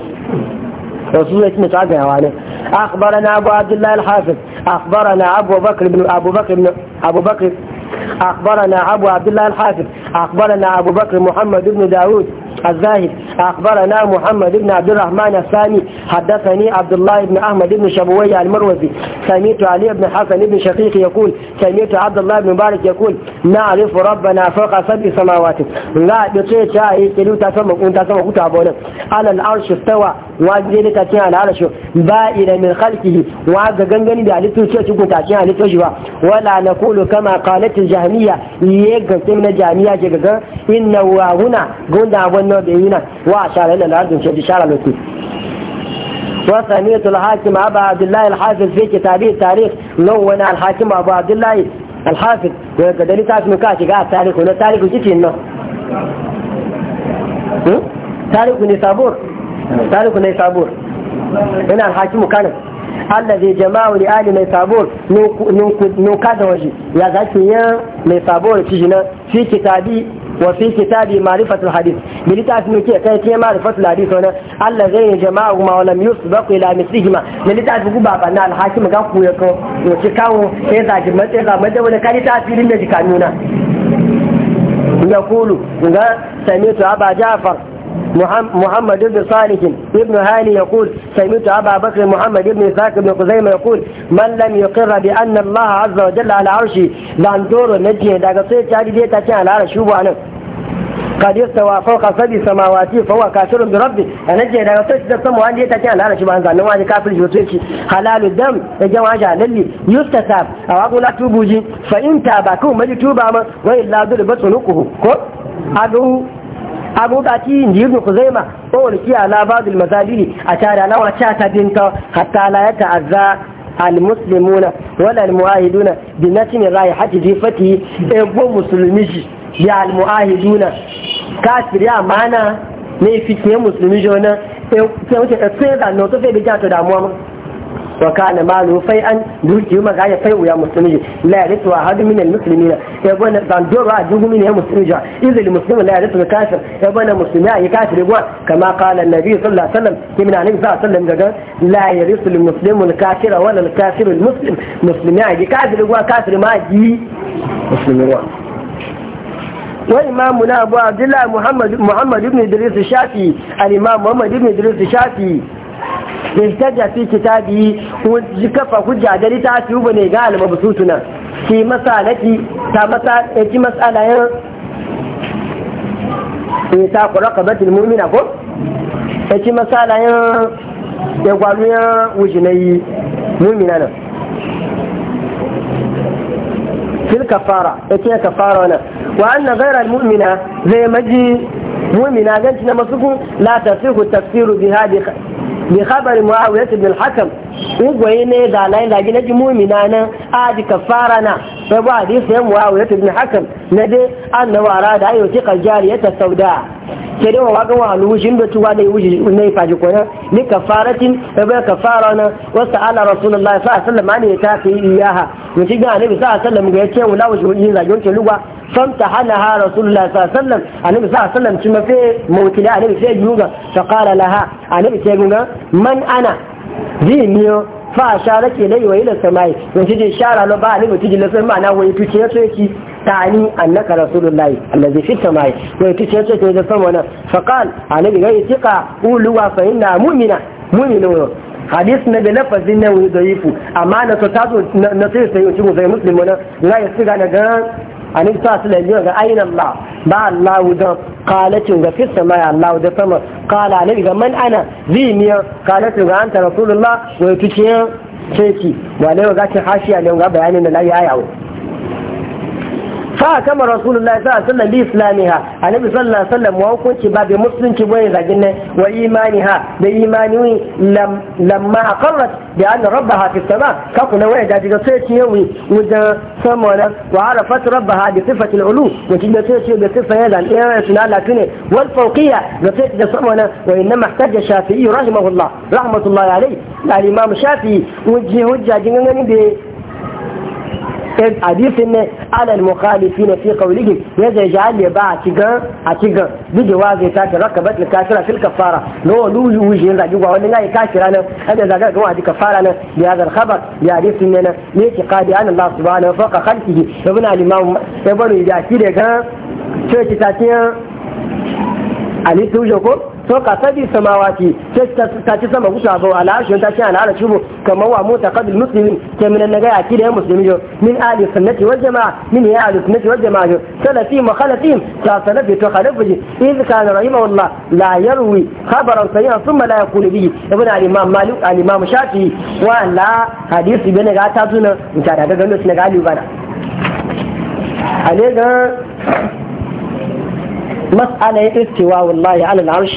Speaker 1: رسول اسمه تعالى wani أخبرنا أبو عبد الله الحافظ أخبرنا أبو بكر بن أبو أخبرنا أبو عبد الله الحافظ أخبرنا أبو بكر محمد بن داود الزاهد أخبرنا محمد بن عبد الرحمن الثاني حدثني عبد الله بن أحمد بن شبوي المروزي سميت علي بن حسن بن شقيق يقول سميت عبد الله بن مبارك يقول نعرف ربنا فوق سبع سماوات لا بتيجا يكلو تسمع كنت تسمع كتابونا على العرش استوى wajibi ne tacin al'ala shi ba ila min khalqihi wa ga gangani da halittu ce shi ko tacin halittu shi ba wala naqulu kama qalat al-jahmiya ye ga na jami'a ke ga inna wa huna gonda wannan da yina wa ashara ila al-ardh shi ishara lokaci وسمية الحاكم أبا عبد الله الحافظ في كتابه التاريخ لون الحاكم أبا عبد الله الحافظ وقد لي تعرف مكاتي قاعد تاريخ ولا تاريخ وجيتي إنه تاريخ نسابور saliku ne ina hakimu kana allazi jama'u li ali mai sabur nuka da waje ya zaki ya mai sabur ci jina fi kitabi wa fi kitabi ma'rifatul hadith bi litafi ne ke kai ke ma'rifatul hadith wannan allazi jama'u ma walam yusbaq ila mithlihima ku baba na alhakim ga ku ya ko yo ci kawo sai zaki matsayi ga madawala kali ta filin da jikanuna يقول سمعت أبا جعفر محمد بن صالح ابن هاني يقول سمعت أبا بكر محمد بن ساك بن خزيمة يقول من لم يقر بأن الله عز وجل على عرشه لأن دور نجيه دا قصير تاري ديتا كان على عرش شوفوا أنا قد يستوى فوق سبع سماوات فهو كافر بربه أنا جاي دا قصير تاري سمو أن ديتا كان على عرش بأن زنوا عن كافر جوتوشي حلال الدم يجمع عجا للي يستساب أو أقول أتوبوجي فإن تابكم مجي توبا ما وإلا دول نقه كو أدوه abu da ti yin jirgin ku zai ma tsohon kiya labarin mazalili a tare ana wa ta dinka hatta la ya ta'azza almuslimuna wal almuahiduna bi natin raihati zifati ebo musulmi ji ya almuahiduna kafir ya mana ne fi ke musulmi jona ke wuce ta tsaye da no to fe ja to da muwa وكان ماله فيئا دوك يوم غاية فيئ يا مسلمي لا يرثوا هذا من المسلمين يقولون بان دور راه دوك من يا مسلمي إذا المسلم لا يرثوا كاشر يقولون مسلمي يا كاشر يقولون كما قال النبي صلى الله عليه وسلم كما نعلم صلى الله عليه وسلم جدا. لا يرث المسلم الكاشر ولا الكاشر المسلم مسلمي يا كاشر يقولون كاشر ما جي مسلمي يقولون وإمامنا أبو عبد الله محمد محمد بن إدريس الشافعي الإمام محمد بن إدريس الشافعي ihtaja fi kitabi ji kafa hujja da ta ci uba ne ga almabsutu nan ki masalati ta masa eh, ki masalayan eh ta qaraqabatul mu'mina ko eh, ki masalayan ya gwalu ya wujinai mu'mina nan fil kafara eh, ki kafara nan wa anna ghayra almu'mina zai maji mu'mina ganci na masu la tasihu tafsiru bi hadhihi bi khabar muawiya ibn al-hakam ugwaye ne da nayi da gina ji mu'mina nan a ji kafara na fa ba sai muawiya ibn al-hakam na dai annabi da ayo ti ta sauda ke da wa ga walu shin da tuwa da yuji ne ji ko ni kafaratin fa ba kafara na wa sa'ala rasulullahi sallallahu alaihi wasallam an fi iyaha mutum ga annabi sallallahu alaihi wasallam ga yace wala wajin zagin ke lugwa fanta halaha rasulullah sallallahu alaihi wasallam annabi sallallahu alaihi wasallam cima fe mawkili annabi sai yuga fa qala laha annabi sai yuga man ana ji niyo fa shara ke lai wa ila samai don shi shara no ba annabi tiji la sai ma'ana wai tuce ya soki tani annaka rasulullah allazi fi samai wai tuce ya soki da sama wannan fa qala annabi ga itika ulu wa fa inna mu'mina mu'minu hadis na da lafazin nan wani zaifu amma na ta tazo na sai sai mutum sai muslimu na ya siga na ga annabi sa su wasallam ga ainihin ba ba Allah don kalacin ga fi sama ya Allah da sama kala annabi ga man ana zimiyar kalacin ga anta rasulullah wa tuciya sai ki wa ne ga ta hashiya ne ga bayanin da yi yawo fa kama rasulullahi sallallahu alaihi wasallam bi islamiha annabi sallallahu alaihi wasallam wa hukunci ba bi musulunci boye zagin ne wa imaniha da imani lam lamma aqarrat bi anna rabbaha fi sama ka kuna waya da diga sai ci yawi wajen sama na wa arafat rabbaha bi sifati al-ulu wa kinda sai ci bi sifa ya dan ya suna la tune wal fawqiyya da sai da sama na wa inna mahtaja shafi'i rahimahullah rahmatullahi alayhi al-imam shafi'i wajhi hujja jin ganin da hadisin ne alal mukhalifi na fi qawlihim ya zai ji hali ba a cigan a cigan bige wa zai tashi rakabat al kafira fil kafara no lu wuji yin zagi wani ngai kafira nan hada zaga ga wani kafara nan bi hadal khabar bi hadisin ne ne ki qadi an Allah subhanahu wa faqa khalqihi ibn al imam ibn ya ki da ga ce ki ta ali tujo ko to ka sabi samawati ta ci sama kusa zo al'arshin ta ci ala shubu kamar wa mota qabil muslimin ke min naga ya ki da muslimi yo min ali sunnati wal jamaa min ya ali sunnati wal jamaa yo salafi mukhalafin ta salafi to khalafi iz kana wallah la yarwi khabaran sayyi'an thumma la yaqulu bihi ibn al-imam malik al-imam shafi wa la hadisi bane ga ta tuna ta daga ganin su na galiba na ale mas'ala ya istiwa wallahi alal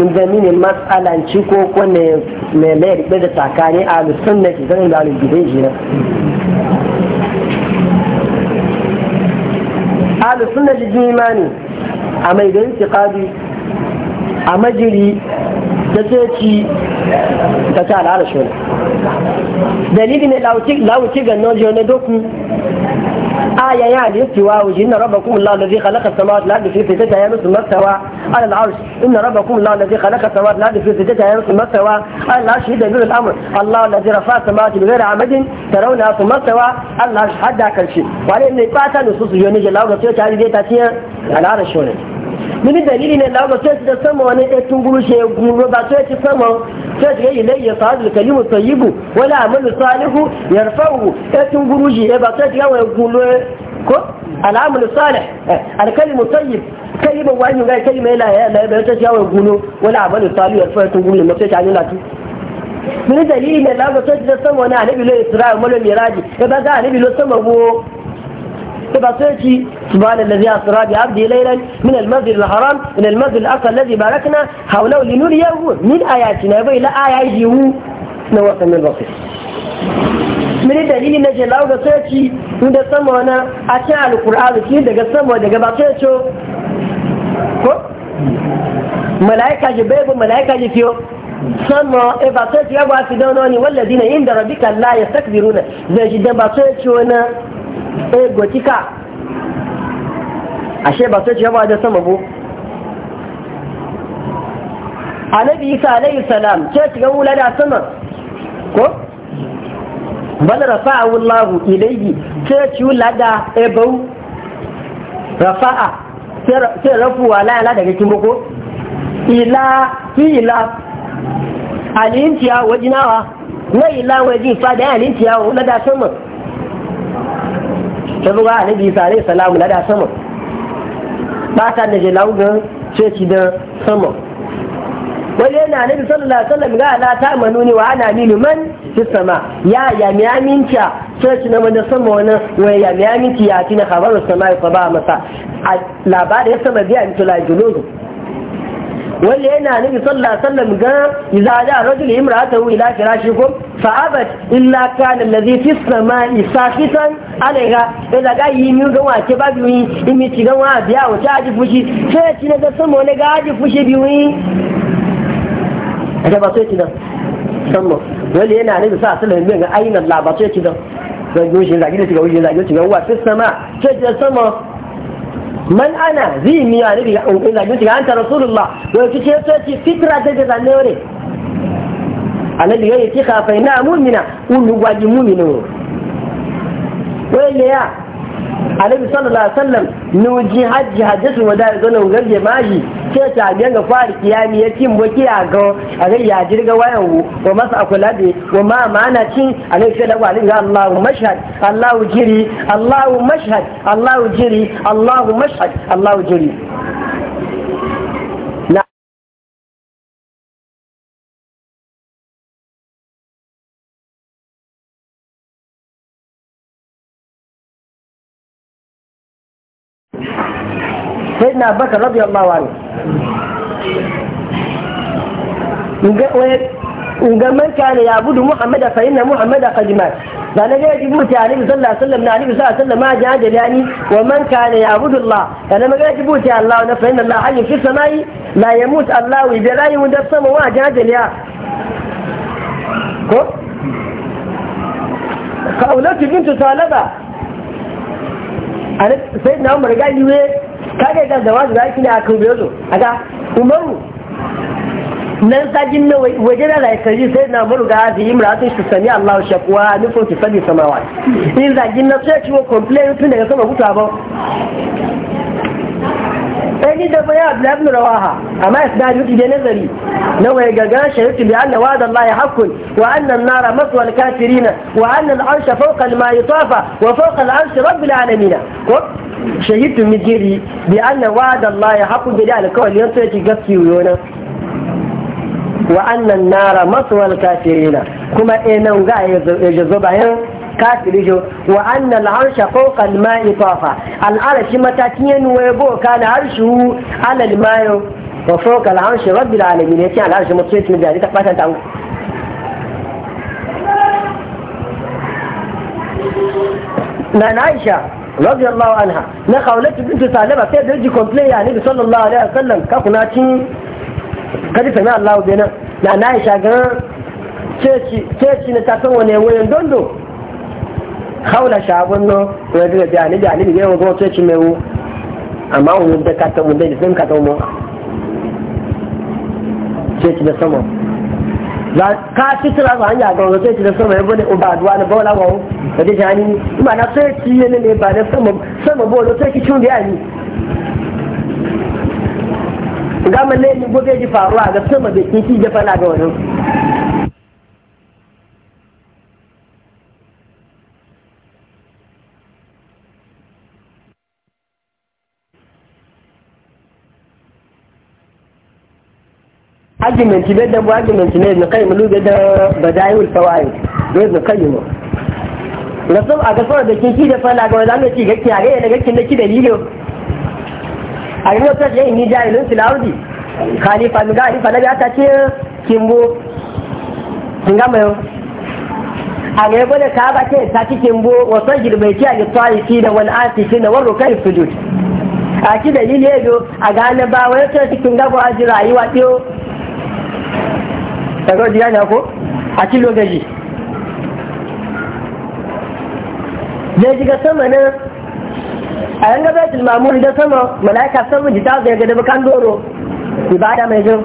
Speaker 1: in da mini mas'alan ci ko ko ne me ne rike da takani a sunna ki sanin da alul bidai ji na alul sunna ji imani a mai da intiqadi a majiri da ce ci ta ta al'arashi ne dalilin ne lawuci ga nojo na doku آية يعني استواء إن ربكم الله الذي خلق السماوات والأرض في ستة أيام ثم استوى على العرش إن ربكم الله الذي خلق السماوات والأرض في ستة أيام ثم استوى على العرش دليل الأمر الله الذي رفع السماوات بغير عمد ترونها ثم استوى على العرش حتى كل شيء وعليه إن يبعث نصوص يوني جل وعلا سيوت هذه دي تاتيا على العرش هنا من الدليل إن الله سيوت تسمى وأن يتنقل شيء يقول ربع سيوت تسمى tsaye ilayya sadu kalimu tayyibu wala amalu salihu yarfa'u yatin guruji ba sai ga wa gulo ko al'amalu salih al-kalimu tayyib kalimu wa ba ta jawa gulo wala amalu salihu yarfa'u yatin guruji ta nuna tu min dalili ne la ba sai da sama na nabi lo isra'u malu miraji ba تبقى تأتي سبحان الذي أسرى بعبده ليلا من المسجد الحرام من المسجد الأقصى الذي باركنا حوله لنريه من آياتنا يبقى لا آية يجيه نواقع من البصير من الدليل أن جل وعلا تأتي من السماوات أتى على القرآن في دعاء السماوات دعاء بعثته ملائكة جبريل وملائكة جفيو سما إبعثت يا بعثي دونه والذين عند ربك لا يستكبرون زي جدا بعثته eh gotika ashe ba sai ba da sama bo annabi isa alayhi salam ce shiga wula da sama ko bal rafa'a wallahu ilayhi ce ci wula da ebau rafa'a sai rafu wala ala daga kin ko ila ila alintiya wajinawa na ila wajin fa da alintiya wula da sama ta buga annabi isa alaihi salamu na da sama ba ta da jelawun ga ceci da sama wani yana nabi sallallahu alaihi wasallam ga ala ta manu ne wa ana minu man fi sama ya ya mi aminta ceci na wanda sama wani wai ya mi aminta ya tina khabaru sama ya fa ba masa labarin sama biya mitula juludu wanda yana nabi sallallahu alaihi wasallam ga idza ja rajul imra'atahu ila firashikum fa abat illa kana allazi fi samai sakitan alaiha idza ga yi ga wace ba biyu in ci ga wa biya wace aji fushi sai ci na ga samo ne ga aji fushi biyu ada ba sai ci da samo wanda yana nabi sallallahu alaihi wasallam ga ayin Allah ba sai ci da ga gushin da gidan ci ga gushin da gidan ga wa fi sama sai ci da man ana zi mi ya ne da in zagin shiga anta rasulullah da yake ce to ce fitra ta da zanne wore annabi ya ce ka fa ina mu'mina ulu gwaji mu'minu wai ne ya annabi sallallahu alaihi wasallam nuji hajji hajjatu wada ga nan garje maji ce ta biyan ga fari kiyami ya cin bakiya ga a ga ya jirga wayan wu wa masa akula bi wa ma mana cin a ga shi da wa alin Allahu mashhad Allahu jiri Allahu mashhad Allahu jiri Allahu mashhad Allahu jiri سيدنا أبو بكر رضي الله عنه man kana ya budu fa inna muhammada qad mat da na gaji buti annabi sallallahu alaihi wasallam annabi sallallahu alaihi wasallam ja da yani wa man kana ya allah da gaji buti allah na fa inna allah hayy fi samai la yamut allah bi rayi da sama wa ja da ya ko bint umar kare ga da wasu zaki ne a kan biyo aga umaru nan sajin na waje da laikari sai na muru ga hazi yi muratun shi sami Allah shakuwa nufin ki sami samawa in zagin na sai ciwo complain tun daga sama gutu ba sai ni da baya Abdullah ibn Rawaha amma isnad yuti da nazari na waye gaga sharitu bi anna wa'da Allah haqqun wa anna an-nara maswa al-kafirin wa anna al-arsh fawqa al-ma'i tafa wa fawqa al-arsh rabbil alamin ko shahidu mijiri bi anna wa'da Allah haqqun bi al-kawli yanto yake gaskiyo yona wa anna an-nara maswa al-kafirin kuma enan ga ya zo bayan kafiri jo wa anna al fawqa al-ma'i tafa al-arshi matakin yanwa yabo kana arshu ala al-ma'i wa fawqa al rabbil alamin yace al-arshi ne da ta fatan ta na Aisha radiyallahu anha na khawlatu bint Salama sai da ji complain ya Nabi sallallahu alaihi wasallam ka kuna cin kadi sami Allah bi na Aisha ga ce ta san dondo haula shagon no kuma daga jani jani ne yawan gwamnati ci mai amma wani da kata wani da sun kata mu ce ci da sama za ka ci tura ba hanya ga wani ci da sama ya bude uba na bola wa da ji jani ni na sai ci ne ne ba na sama sama bola sai ki cin da yani gama ne gobe ji faruwa ga sama da kici da fala ga wani argument bai da argument ne ibn kai mulu da badaiul fawaid do kai mu na so a ga fara da kin ki da fara ga wanda ci ga kiyare da ga kin da ki dalilo a ga ta je ni jahilun silaudi khalifa mi ga khalifa da ta ce kimbo kin ga mayo a ga yabo ka ba ce ta ci kimbo wa so wasan gilbaiti a ga tsayi ki da wal asisi na wal kai sujud a ki dalili ne do a ga na ba wai ta cikin gabo a ji rayuwa ɗiyo daga wajen yana ko a kilo gaji da ji ga sama ne? a yanga baitul mamuri da sama mala'ika sama ji ta zai gada bakan doro ibada mai zo?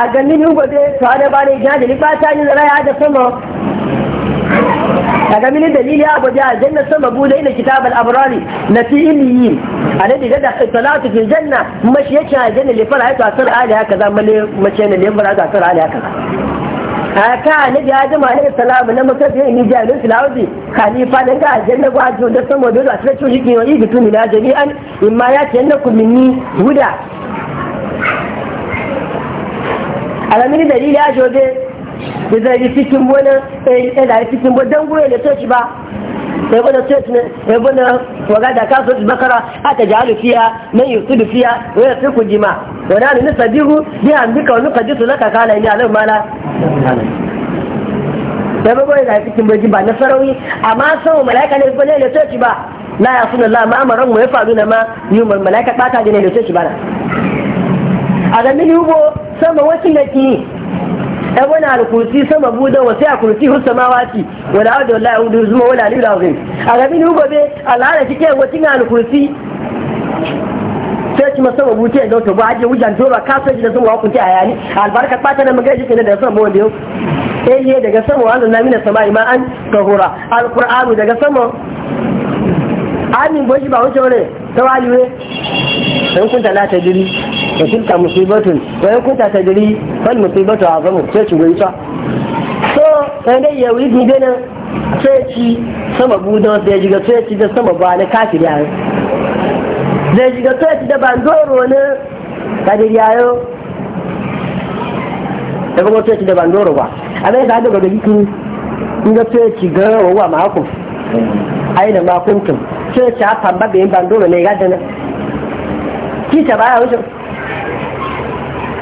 Speaker 1: a ganin yi gobe ta wani bane jihar da ni fata ni zara ya da sama kaga mini dalili ya gwaje aljanna sama bude ina kitab al-abrari na fi iliyin alladhi gada salatu fil janna mashi yake aljanna li fara ayatu asar ali haka za male mace ne li fara asar ali haka aka ne da jama ne salamu na maka bi ni jalun filawdi khalifa ne ga aljanna gwa jo da sama dole a tsare shi kin yi bitu ni na jami'an imma ya ce annakum minni huda alamini dalili ya jode da zai yi cikin wani ɗaya eh, eh, yi cikin wani don gure da toci ba sai bana toci ne sai waga da kasu su bakara aka ji halu fiya nan yi su fiya wani su ku jima wani hannu nisa bihu bi an duka wani kaji su laka kala ni alam mala sai bana yana cikin wani ba na sarauni amma sau mala'ika ne bane da toci ba la ya suna la ma'amaran mu ya faru na ma yi mala'ika ɓata ne da toci ba na a ga mini hubo sama wasu laki ai wani alkursi sama budan wasu ya kursi hussa mawaki wani abu da wallahi hudu zuma wani aliyu da zai a gabi ni gobe alhara kike wacin alkursi sai ci masa mabuti ya dauta ba aje wujan tora kasan da sun wakun ta yani albarka fata da magaji kenan da san mawan biyo eh ye daga sama wa Allah mina sama ima an tahura alqur'anu daga sama amin boji ba wuce bane tawaliwe dan kun talata diri wa tilka musibatun ya kuta ta tadri fal musibatu zama sai ci goyi ta so sai dai ya wuri bana sai ci sama budan sai jiga sai ci da sama ba na kafiri a zai jiga sai ci da bandoro ne kadiri ayo da kuma sai ci da bandoro ba a bai sa daga gari kini in ga sai ci ga wa makon aina makon tun sai ci a famba bai bandoro ne ga dana kita baya wucin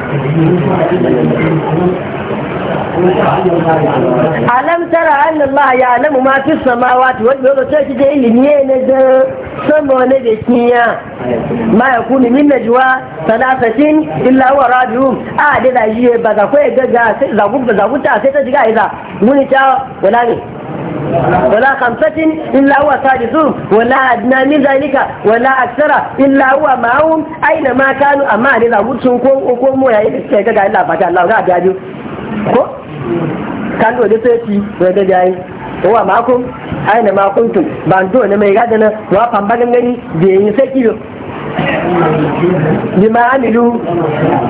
Speaker 1: alam tara anna Allah ya alamu ma fi samawati wa bi sai da ilimi ne da sama ne da kiya ma ya kuni min najwa salafatin illa wa rabium a da da yi ba ga kai ga ga za ku ba za ku ta sai ta diga iza muni ta wala ne ولا خمسة إلا هو سادسهم ولا أدنى من ذلك ولا أكثر إلا هو معهم أينما كانوا أما إذا مرسوا مو يعيب ويا قال الله فتح الله قاعد يجو كانوا يدسوا ويدا جاي هو معكم أينما كنتم باندو أنا ما يقعدنا وأفهم بغنغني بينسكيو bima amilu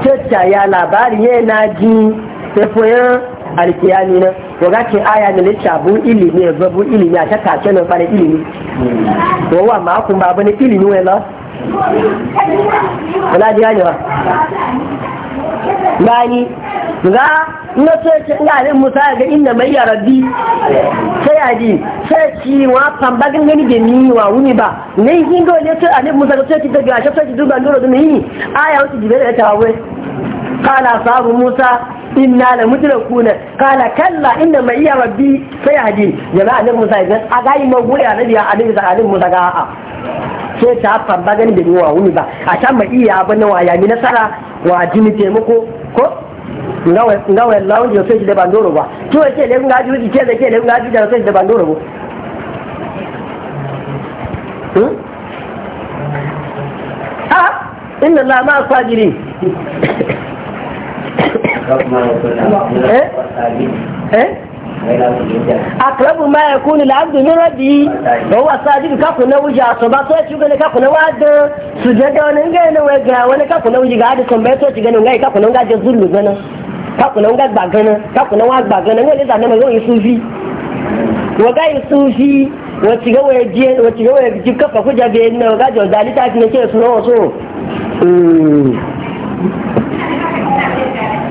Speaker 1: cocca ya labari yana ji tafiyan alkiyami na ga ce aya na lissa bu ilimi ya babu ilimi a ta ce na fara ilimi hmm. wa ma kun ba bane ilimi wai la
Speaker 2: wala ji ganewa
Speaker 1: bani ga na ce ce ina ne musa ga inna mai ya rabbi sai yaji sai ci wa pamba gangani da ni wa wuni ba ne yin ne sai ne musa ga sai ci daga sai ci duba ndoro da ni aya wuce jibe da ta hawe قال sahabu musa إنا لمدركون قال كلا إنما inna ma iya جماعة sai hadi jama'a annabi musa idan agai ma gure annabi ya annabi da annabi musa sai ta famba ganin da wa wuni ba a can ma iya abin wa ya nasara wa jini taimako ko ngawai lawon jiya sai da bandoro ba to ya ce legun gaji wuce da ke da sai da bandoro ba a inna Eh? Eh? akrabu ma ya kuni la'abdu min rabbi wa huwa sajidu ka kuna wuji asoba so su je da wani ngai na wai ga wani ka kuna wuji ga hadu sun bai so ci gani ngai gana ka kuna ga gana ka kuna gana ngai da nan yau yusufi wa ga yusufi wa ci ga wai je wa ci ga wai ji kafa kuja be na ne ke so so hmm.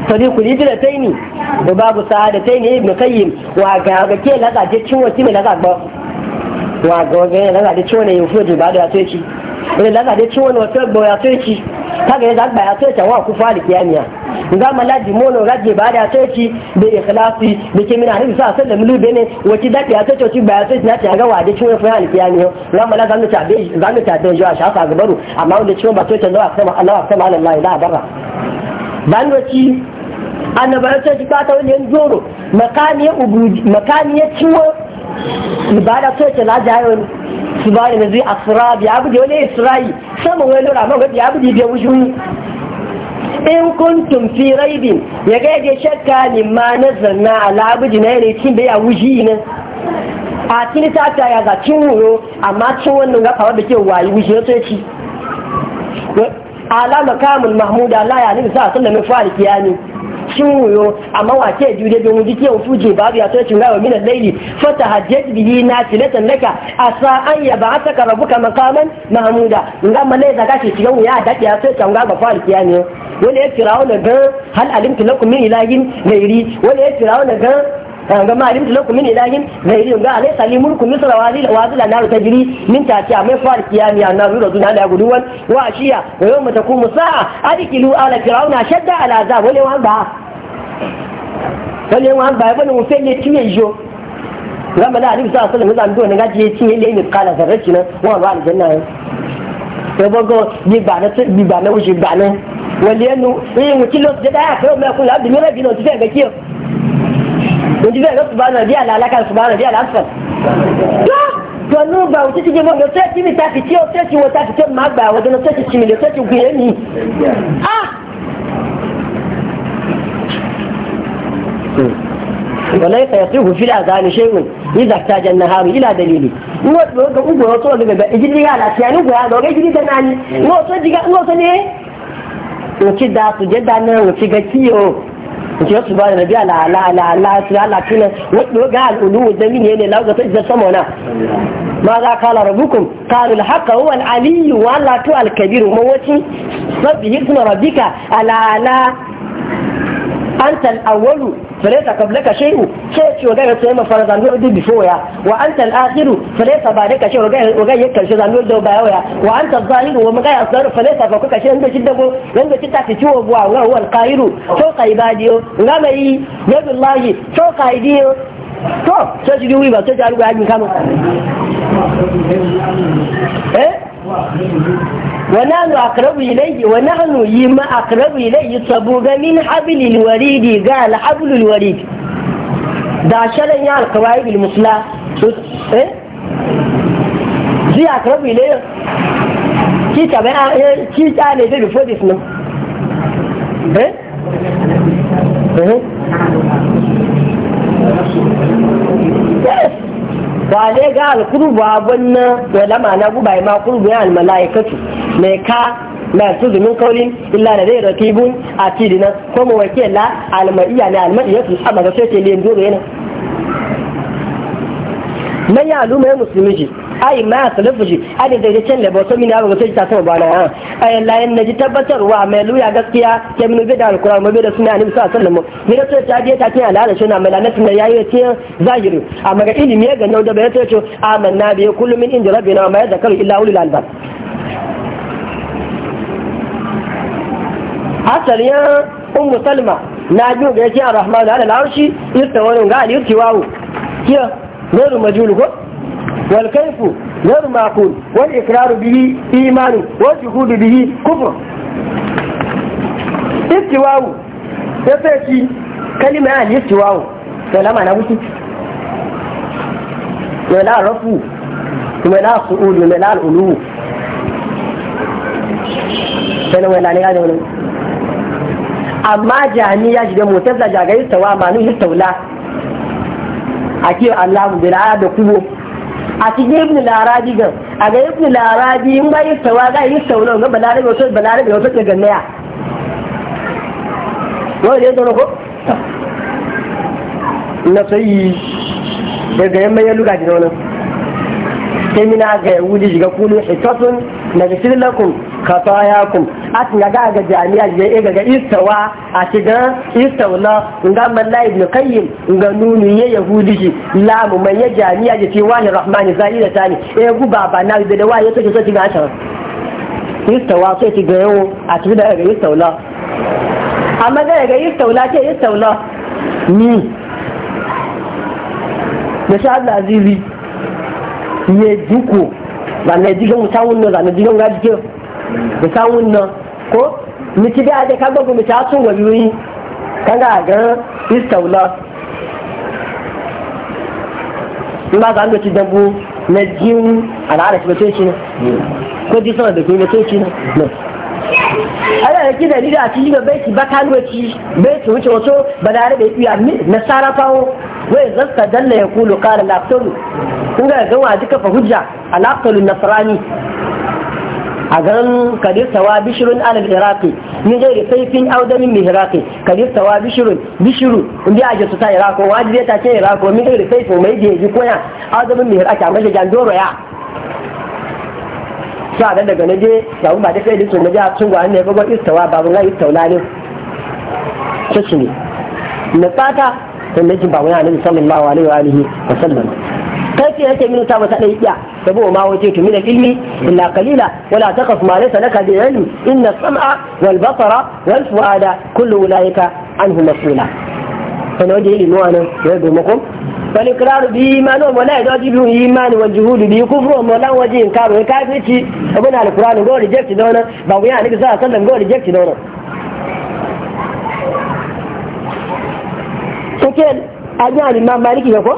Speaker 1: صديق الهجرتين وباب السعادتين ابن قيم وعقابة كي لقى جتشو وسيمي لقى با وعقابة كي يفوز بعد أتوشي wani lana da ci wani wata ba ya so ci kaga ya zaba ya so wa ku fali kiyamiya ga malaji mono raje ba da so da ikhlasi da ke mina hadisi sa sallam lu bene wace da ya so ci ba ya so ci na ta ga wa da ci wani fali kiyamiya ga malaji zan ta be zan ta da jawa shafa gabaru amma wanda ba Allah Allah la barra annabawa sai ta ta wani yan zoro makaniya ubuji makaniya ciwo ibada sai ta laji su ba da zai asira bi abu da wani isra'i sama wani lura ma wani abu da ya wuce in kuntum fi raibin ya ga yaje shakka ni ma na zanna ala abu da ne cin da ya wuji ne a cikin ta ta ya ga cin wuro amma cin wannan ga fawar da ke wayi wuce sai ci ala makamun mahmuda la ya ni sa sallallahu alaihi wa sallam ashuyo amma wace jude bin wuji ke fuje babu ya to cin gawa min al-layli fata hajjat bihi nafilatan laka asa an yab'ataka rabbuka maqaman mahmuda inga malai zaka shi cikin ya dade ya to cin gawa fa alkiyani wala ya kirawo daga hal alimtu lakum min ilahin ghairi Wani ya kirawo daga ga ah, malim da lokumin ilahin zairi ga alai sali kun misra wa zila ta jiri, min ta taki a mai far kiyami a naru da zuna da guduwan wa ashiya wa yawma takumu sa'a adikilu ala fir'auna shadda ala azab wala wa ba wani ba baya bane mu sai ne tiye jo gama da alibi sallallahu alaihi wasallam ga je tiye ne ne kala da nan wa ba aljanna ne sai bago bi ba na bi ba na wuce ba nan wani yanu eh mu kilo da da kai mai kula da mira bi no tiye ga kiyo mun ji ga subhana bi ala alaka subhana bi ala asfal to nu ba wuce tije mo sai ti mi ta ki tiyo sai ti wata ki ma ba wajen sai ti mi sai ti guye ni ah وليس يطيب في الأذان شيء إذا احتاج النهار إلى دليل نوصل نوصل إجري على أشياء نقول هذا إجري تناني نوصل نوصل إيه نوصل دا سجدا نوصل كتير ke su ba da nabi ala ala ala ala su ala kina wadda ga al'ulu da min ne la ga tajjar sama na ma za ka la rabbukum qalu al haqa huwa al ali wa la tu al kabir ma wati rabbika ala anta al-awwalu falaysa qablaka shay'u sai ce ga sai ma farza ndo di before ya wa anta al ونحن أقرب إليه ونحن يما أقرب إليه صبوغا من حبل الوريد قال حبل الوريد ده شرن يعني القواعد المثلى إيه؟ زي أقرب إليه كي تبع إيه؟ كي تعالى ده بفوت اسمه إيه؟ إيه؟ Yes. ba ne ga alkurbu abun na to lama na guba ma kurbu ya almalaikatu mai ka na su zumin qawlin illa ladayhi raqibun atidina ko mu wake la almaiya ne almaiya su amma ga sai ce le yana man ya aluma musulmi ai ma ka shi ai da daidai can lebo so mini abu sai ta sama bana ha ai layin naji tabbatarwa mai luya gaskiya ke minu bi da alquran mu bi da sunna annabi sallallahu alaihi wasallam mira to ta dia ta ke ala da shuna mai lanatin da yayi ce zahiri amma ga ilimi ya ganau da bai ce amanna bi kullu min inda rabbina ma yadhkaru illa ulul albab asalin ummu salma na biyu ga yake arrahmanu ala al'arshi wani ga al-irtiwau kiyo gairu majulu ko والكيف غير معقول والإقرار به إيمان والجهود به كفر استواء تفاكي كلمة عن استواء سلام على وسط ولا رفو ولا صعود ولا العلو sanin wani lalai gane wani amma jami ya shiga motar da jagayi tawa ma nuhi taula a ke Allah bila da kubo a cikin ibn larabi gan a ga ibn larabi in ba yi tawa ga yi tauna ga balarabe wato balarabe wato ganna ya wani ne tsoro ko na sai daga yamma ya luga jina wani sai mina ga wuli shiga kulu hitatun na gasirin lakon. khatayakum at na ga ga jami'a je e ga ga istawa a shiga istawla nga malla ibn qayyim nga nunu ye yahudi ji la mu man ya jami'a je ti wani rahmani zaida tani e gu baba na da wa ya take so ti ga ta istawa sai ti ga yo a ti da ga istawla amma ga ga istawla ce istawla ni da sha Allah azizi ye ba zane digon mutawun ne zane jigan gajiyar da samun nan ko miti da ka kaga mu ta sun wayoyi kaga ga istaula in ba ga ci dambu na jin al'ada shi bace shi ne ko ji sama da kuma bace shi ne ana da kida ni da a cikin bai ba baka lokaci bai wuce wato ba da rabe iya na sarafawo wai zasta dalla ya kulu qala laqtul kun ga ga wa duka fa hujja alaqtul nasrani a garin kadirtawa bishirun alal iraqi zai da saifin audamin mai iraqi kadirtawa bishirun bishiru in a jesu su ta iraqo wajibi ta ce iraqo min da saifo mai jeji koya audamin mai iraqi a mashi jandoro ya Su a daga naje ya ba da kai dinsu naje a tungwa ne bago istawa babun ga istaula ne su ne na fata sai naji ba wani nabi sallallahu alaihi wa alihi wa sallam كيف يأتي من تابة الإسلام فبو ما وجدت من العلم إلا قليلا ولا تقف ما ليس لك بعلم إن السمع والبصر والفؤاد كل أولئك عنه مسؤولا فنوجه لنوانا ويقول لكم فالإقرار بإيمان ولا يجب إيمان والجهود به كفر ولا وجه إنكار وكافر شيء أبونا القرآن قول ريجكت دونا بابويا النبي صلى الله عليه وسلم قول ريجكت دونا فكيل أجعل الإمام مالك يقول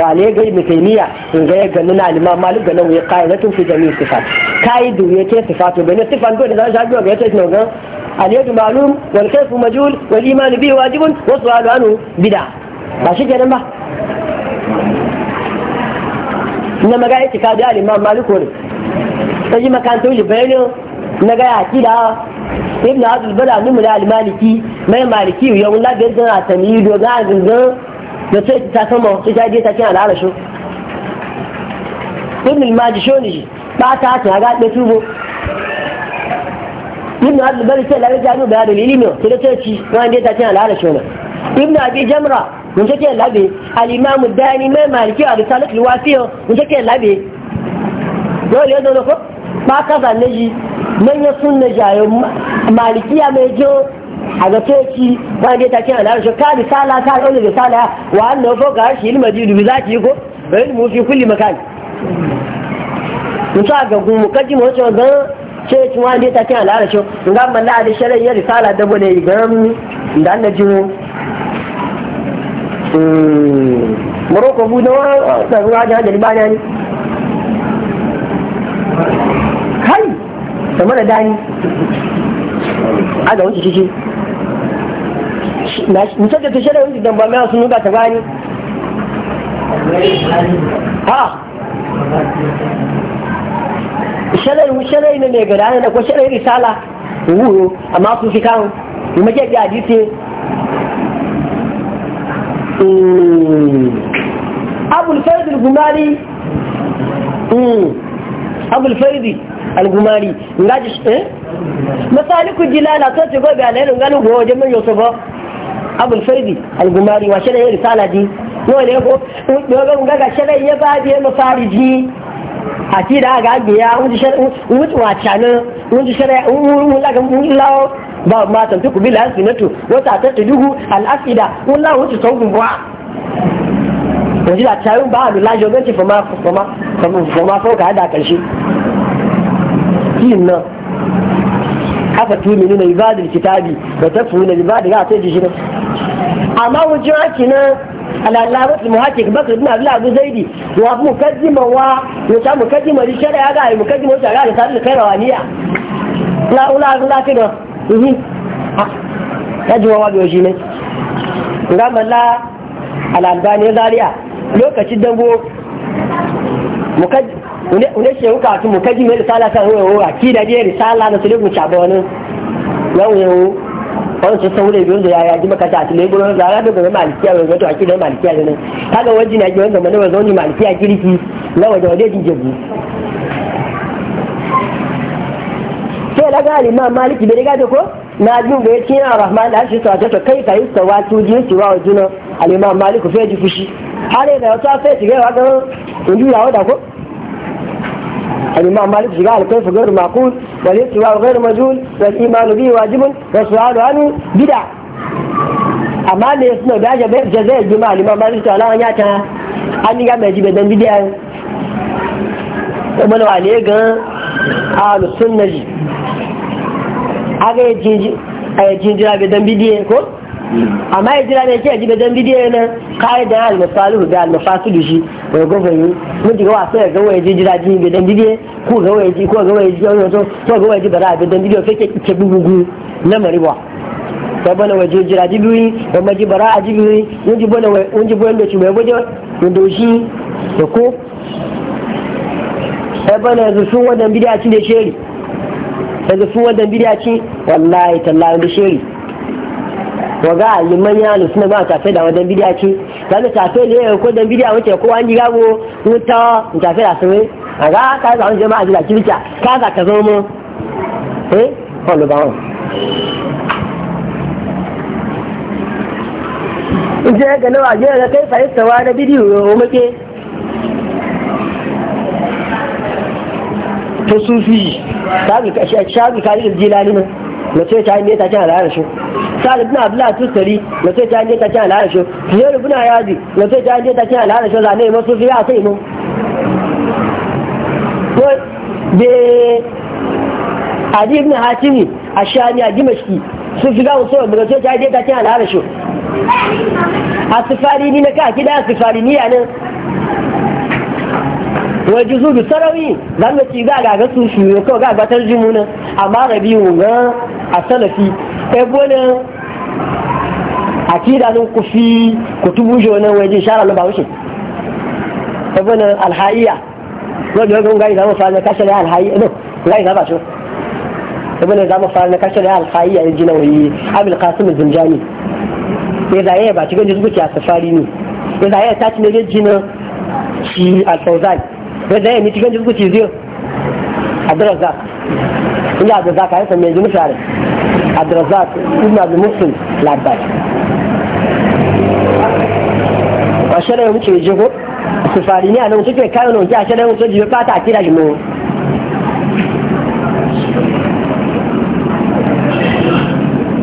Speaker 1: ba ne ga ibn in ga ga nuna malik ga ya qaidatun fi jami'i sifat qaidu yake sifatu bayan sifan ko da za a ga yake ne ga al ma'lum wal kayfu majhul wal iman bihi wajibun wa su'alu anhu bid'a ba shi kenan ba maga yake ka da al-imam malik ne sai makanto li bayani na ga akida ibn abdul bada ni al-maliki mai maliki yau la da zan atani do ga zan da sai ta sama sai ta je ta kin al'arashin ibn al-maji shoni ba ta ta ga da tubo ibn abd bari sai lalle jami'u da da lilimi to da sai ci ran da ta kin al'arashin ibn abi jamra mun take labe al-imam dani mai maliki a risalat wasiyo mun take labe dole yadda ko ba ka zanne ji manyan sunna jayo malikiya mai jo a ga toki ba ne ta ce a lara ka sala ka ɗaure risala wa an nan foka harshe ilma jidu bi zaki yi ko bayan mu fi kulli makan mutu a gagun mu kaji mu wacce gan ce ci wa ne ta ce a lara shi nga da sharai ya risala da bane hmm. da an da bu da wa tsarin wajen hajjali ba ne kai dani a ga musadda ta wani mai sun nuka ta gani ha ne mai gada na ko shari'a risala wuro amma su fi kan yi da hadisi hmm. abul gumari hmm. abul ngaji eh jilala ce go man yoso abul fardi al-gumari wa shada yayi risala ji ne ko dogo ga ga ya ba je mu a ti da ga biya wuji shada wuji wa ta da ba lajo ganci da karshe yin nan kitabi ba ta funa ga ta amma wajen haki na alalabat muhatik bakar bin abdullah abu zaidi wa mu ma wa mu mu ya mukaddima ri shari'a ga ai mukaddima ta ga ta da kairawaniya la ula ula ta da yi ta ah, ji wa biyo shi ne ngamba la alalbani zaria lokacin dango mukaddima ne shehu kafin mukaddima risala ta hoyo wa ki da je risala da su ne ku chaba wani yawo yawo wani ce sau da biyun da yaya ji maka ta tilai gurin da ya daga malikiya wani wato akidar malikiya da nan kaga wajen na ji wanda mana wanda wani malikiya kirki na waje waje jin jabu sai laga alimam maliki bai riga da ko na biyu bai ce yana rahman da ashe sa ta kai ka yi sawa tu ji su wa juna alimam maliku fai ji fushi har yana wata fai shiga yawa ga wani da ko الإمام مالك قال كيف غير معقول والاستواء غير مجهول والإيمان به واجب والسؤال عنه بدع amma da ya suna da ya zai ji malima ma rikta ala ya ta an yi gama ji bedan bidiyan wani wale ga alusun na ji aga ya jinjira bedan bidiyan ko amma ya jira ne ke ji bajan bidiyo na kai da almasalihu da almafasilu shi wai gofa yi mun ji gawa sai ga waje jira ji bajan bidiyo ko ga waje ko ga waje ko to ga waje bara bajan bidiyo fake ke bugugu na mariwa da bana waje jira ji biyu da maji bara a ji biyu mun ji bana mun ji bana ci mai waje mun doshi da ko sai bana yanzu sun wadan bidiyo cin da sheri yanzu sun wadan bidiyo cin wallahi tallahi da sheri wa ga aliman ya alu na ba tafe da wajen bidiya ce za mu tafe ne ko dan bidiya wace ko an jiga go wuta mu tafe da sune a ga ka za mu jama'a jira kirkiya ka za ka zama mu eh wallo ba in je ga nawa je ga kai tawa da bidiyo ko muke to sufi sabi ka shi sabi ka ri jilali ne na ce ta ne ta ce al'ada shi sa'ad ibn abdullah tusari na ta ne ta ce al'ada shi fiye ibn yazi na ta ne ta ce al'ada shi zane masu fiya sai mu ko be adi ibn hatimi ashani a dimashki sun fi gawo sai na ce ta ne ta ce al'ada shi a sifari ni na ka kida sifari ni anan waje zudu sarawi zan da ci a gaga su shi ko ga ga tarjimu nan amma rabiu ga a salafi e bone akida nun kufi kutubu jona waje shara lo ba wuce e bone alhaiya waje ga ngai da mu fara na kashe alhaiya no ngai da ba shi ibn da mafa na kashe da alfayi a jina wai abul qasim zinjani ya zaye ba ci cikin zuciya safari ne ya zaye ta ci ne jina shi al-fawzan da ya mitigan jirgu ci ziyo abdurazak inda abdurazak ayyukan mai jini share abdurazak ina da muslim labar a shirin ya wuce jego su fari ne a nan suke kayan wuce a shirin wuce jiyo fata a kira shi mu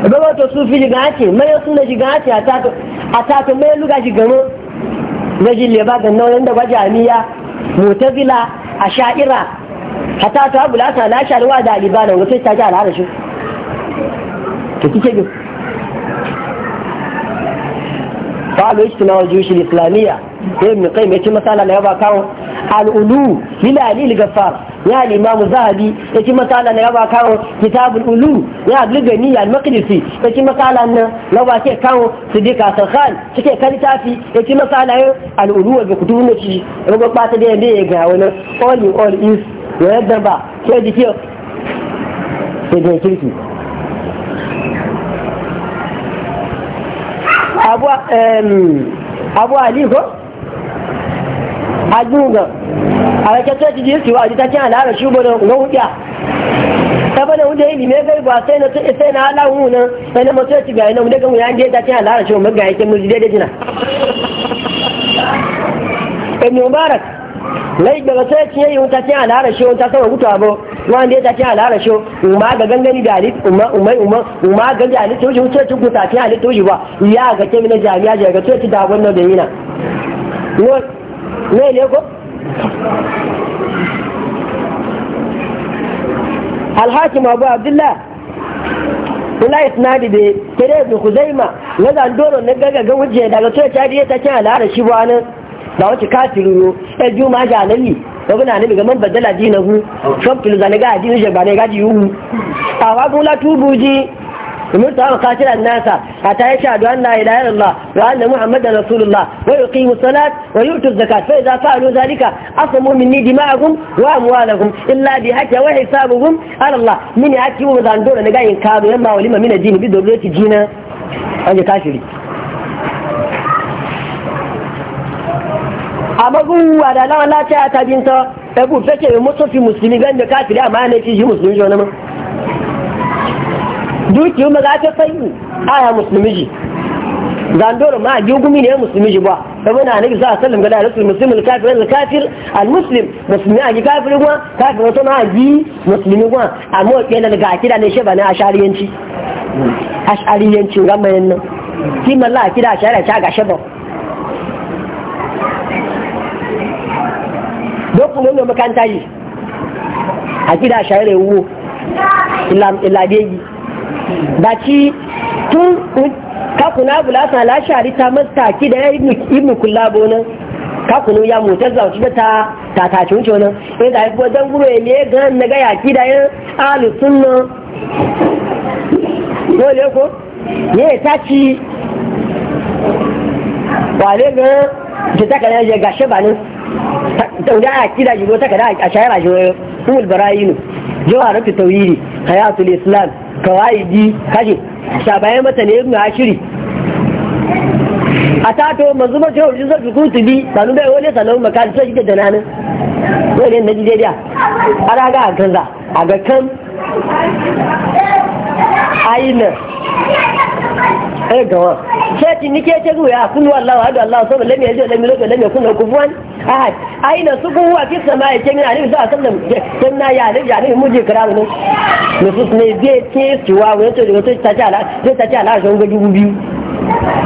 Speaker 1: Gbogbo su fi ake, mai suna ake a tato mai luga mu, na nauyin da gwajamiya mutazila a sha'ira hata ta abu lasa na sharuwa da alibana wata ta ji al'ada shi ta kike bi fa'alu ishtina wa shi islamiyya ya kai mai yace masala na yaba kawo al'ulu lila al-gaffar ya al-imam zahabi yace masala na raba kawo kitabul ulu ya al-gani al-maqdisi yace masala na raba ke kawo siddiq hasan cike kalitafi yace masala al ci ba da ya ga wani all in all is yadda ba ke kirki agunga a rake ta ji yi a ta kin alara shi bodo ga hudiya ta bane hunde yi me gai ba sai na sai na ala hu sai na mutu ci mu daga mu shi ga yake mu da jina e mubarak lai daga sai yi wuta shi wuta wanda ya tafi halara shi ga gangani da ga da wuce ba ga ke jami'a ga ci da wannan da ne ne ko alhakim abu abdullah ila isnadi be kere ibn khuzaima na zandoro na gaga ga wuje daga to ta diye ta ce al'ara shi bwana da wace kafiru yo ta juma ga lalli ko gina ne ga man badala dinahu shop kilo zanaga adinu je bane gaji yuhu awa bula tubuji أمرت أن قاتل الناس حتى يشهدوا أن لا إله إلا الله وأن محمدا رسول الله ويقيم الصلاة ويؤتوا الزكاة فإذا فعلوا ذلك أصموا مني دماءهم وأموالهم إلا بحج وحسابهم على الله من يحكموا مزاندون أنا قاين كانوا يما ولما من الدين بدولة جينا أنا كافري amma guwa da lawan lafiya ta binta ta gufe ce mai musulmi musulmi ganin da kafiri amma ne fi shi musulmi shi wani ma dukiyar ma za ta sanyi aya musulmi ji zandoro ma ji gumi ne ya musulmi ji ba saboda annabi sallallahu alaihi wasallam ga rasul muslim al kafin al kafin al muslim musulmi a ji kafin ruwa kafin wata ma a ji musulmi gwa amma kenan ga kida ne sheba na ashariyanci ashariyanci ga mayan nan ki malla kida ashariya ta ga sheba dokun ne makanta yi a kida ashariya wo ila ila deji ba ci tun kakuna bulasa lashari ta masta ki da ya ibnu kullabo nan kakunu ya motar zauci da ta ta tatace cin nan in eh, da haifuwa don gure ne gan na ga yaki da yin alusun nan dole ko ne ta ci wale gan ta takara ya gashe ba nan tauda a kida ta takara a shayar a jigo umul barayinu jawarar tawiri hayatul islam kawaidi sha bayan mata ne yin hashiri a tato mazu mace wa sa su kutu bi sanu bai wani sanar makar sai shiga da nanin wani na jijeriya a raga a kanza a ga kan
Speaker 2: ainihin
Speaker 1: ai eh, gawa sai nike ce ruya kullu wallahu hadu allah sama lam yaji lam yulad lam yakun lahu kufuwan ahad na suku huwa fi samai ce min alim za sallam dan na ya ne ya ne mu je kira ne nusus ne je ciwa wani to ta ta ala ta ta ala ga dubu biyu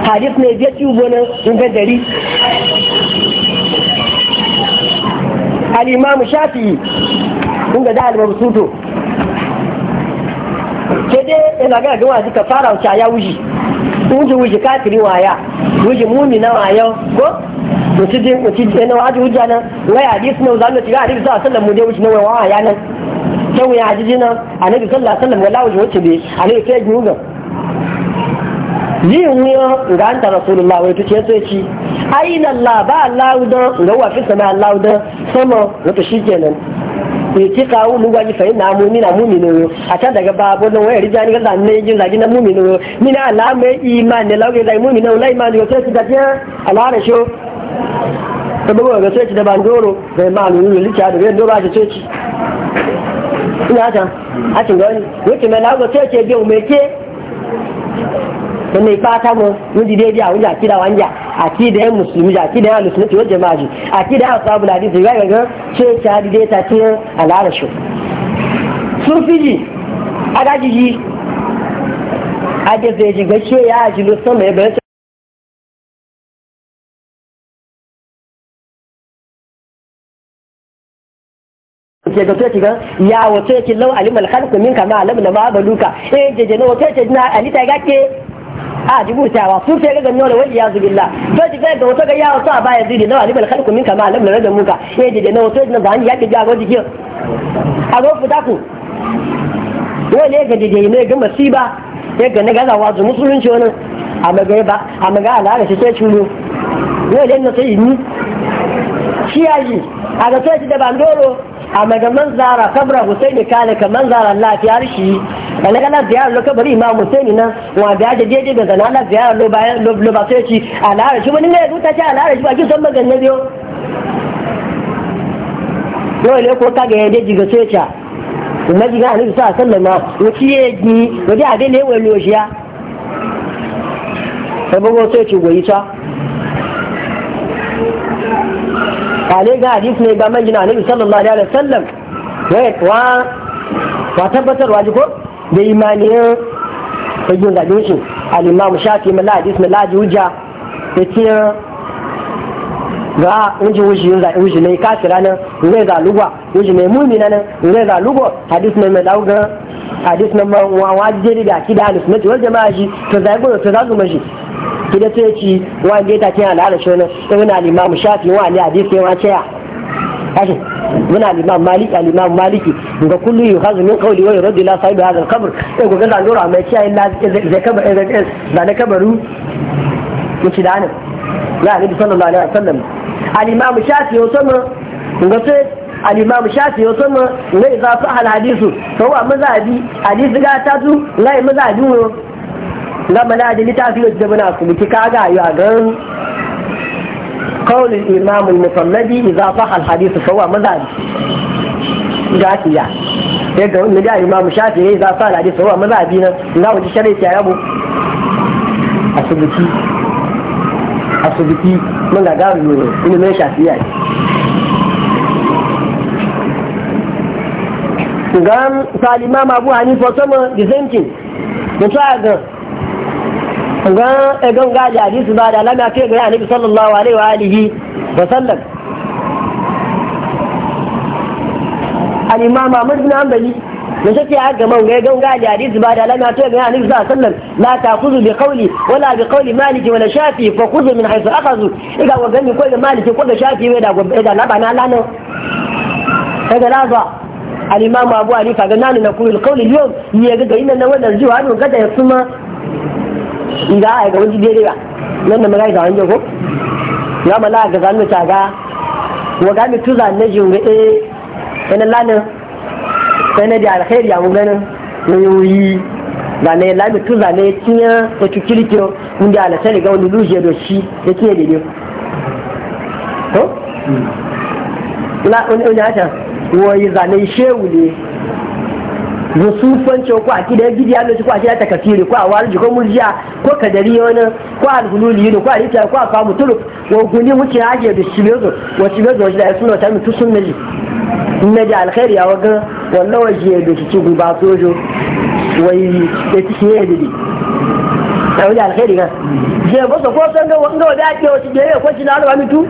Speaker 1: hadis ne je ci ubona ga dari al-imam shafi'i kun ga da al-mabsuto sai dai ina ga ga wani ka fara wuce ya wuji. wuce wuce kafiri waya wuce mumi na wayo ko wuce je wuce je na waje wuce nan wai na zan sa sallan mu dai wuce na waya nan ya hadisi nan annabi sallallahu alaihi wasallam wala wuce wuce be annabi sai gugan yin wuya ga anta rasulullah wai tuce sai ci aina allah ba allah da ga wa fi sama allah da sama wato shikenan ya ci kawo lugwa ji fahimta mumina mumino yo a can daga babu nan wayar rija ni gaza ne jin zagi na mumino yo ni na alama iman ne lauke zai mumina wala iman yo sai da tiya alana sho to bugo ga sai da bandoro da imanu ni licha da bai dora shi sai ci ina ta a cin gani wace mai lago sai ce bai umeke sannan ipa fata mu mun ji daidai a wunja akida ki da yan musulmi a ki da yan musulmi wajen maji a ki da yan sabu da hadisi ga ga ce ta daidai ta ce alara shi ke zai ji gashi ya ajilo sama ya bayan ke ga toki gan ya wato yake lau alimal khalqu minka ma alamna ma baluka eh je je no wato yake na alita ya gake a jibu jibutawa sun sai ga ganyo da wani ya zubilla to ji ga wato ga yawo to a baya zidi na wani balkar minka ma lam alam da muka ya dide na wato na zani ya kiji ago jiki ago futa ku wani ga dide ne ga masiba ya ga na gaza wazo musulunci wani a ga ba amma ga alaka shi sai chulu wani ne sai ni shi ya ji a ga sai da bandoro a ga manzara kabra husaini kale ka manzara lafiya shi ana kana ziyar lo kabari imam husaini na. wa da ya ga zana la lo bayan lo ba sai ci alara shi wani ne duta ci alara shi ba ki san magan ne biyo lo le ko kage ya je ga sai ci kuma ji ga annabi sallallahu alaihi wasallam wuci ya ji waje a dai lewa lo shiya sai bugo sai ci goyi ta ale ga hadis ne ga manjina annabi sallallahu alaihi wasallam wa wa ji ko da imaniyan fagin zaɓe shi alimamu shafi maladis maladi mala hujja da tiyan ga wuce wuce yin zaɓe wuce ne kafira nan ne za lugwa mai ne na nan ne za lugwa hadis mai mai dauga hadis ne mai wawa jeri da akida alif na tiwar jama'a shi ta zaɓe gudu ta zazu mashi kida ta yi ci wani da ta kiyan al'ada shi wani ta alimamu shafi wani hadis ya wace ya kashi muna limam maliki al-imam maliki ga kullu hazu min qawli wa yurad la sahibi hadha al-qabr sai goga zan dora mai kiyaye zai kabar da na kabaru yace da anan ya nabi sallallahu alaihi wasallam al-imam shafi yau sama ga sai al-imam shafi yau sama ne za su hal hadisu to wa mazhabi hadisi ga ta su ne mazhabi ne ga mana da litafi da bana su miki kaga ya ga قول الإمام المصمدي إذا صح الحديث فهو مذهب جاكية يقول إن جاء الإمام الشافعي إذا صح الحديث فهو مذهبنا لا وجه شريك يا أبو asibiti asibiti mun ga gari ne ina mai shafi yaki gan talima abu hanifa sama the same thing mutu a gan ga egon eh, gaji hadisi ba da alama ke ga annabi sallallahu alaihi wa alihi wa sallam al imam Ahmad ambali Hanbali da take ya ga man ga egon gaji hadisi ba da alama ke ga annabi sallallahu alaihi wa sallam la ta'khudhu bi qawli wala bi qawli maliki wala shafi fa khudhu min haythu akhadhu iga wa gani ko ga maliki ko ga shafi wai da gobe eh, da labana eh, lano kaga lafa al imam Abu Hanifa ga nanu na kullu qawli yau ne ga ga inna wannan zuwa ga da ya in ga ga wani daidai ba nan da magai ga wani ko ya mala ga zanu ta ga wa ga mitu za ne jin ga eh kana lanin kana da alkhairi ya mun ganin yoyi da ne la mitu za ne tinya ta cikiri kiro mun da ga wani luje do shi yake daidai ko hmm. la wani wani hata wa yi zane shewu ne musufanci ko akida gidi ya ko a ta kafiri ko a awarji ko murjiya ko kadari wani ko alhululi ne ko alita ko afamu tuluk wa guni wuce haje da shibezo wa shibezo shi da sunna na ji na naji alkhairi ya waga wallahi waje da shi guba sojo wai da shi ne dai a wajen alkhairi ga je ba ko san ga wanda da ake wasu je ko shi na alwa mutu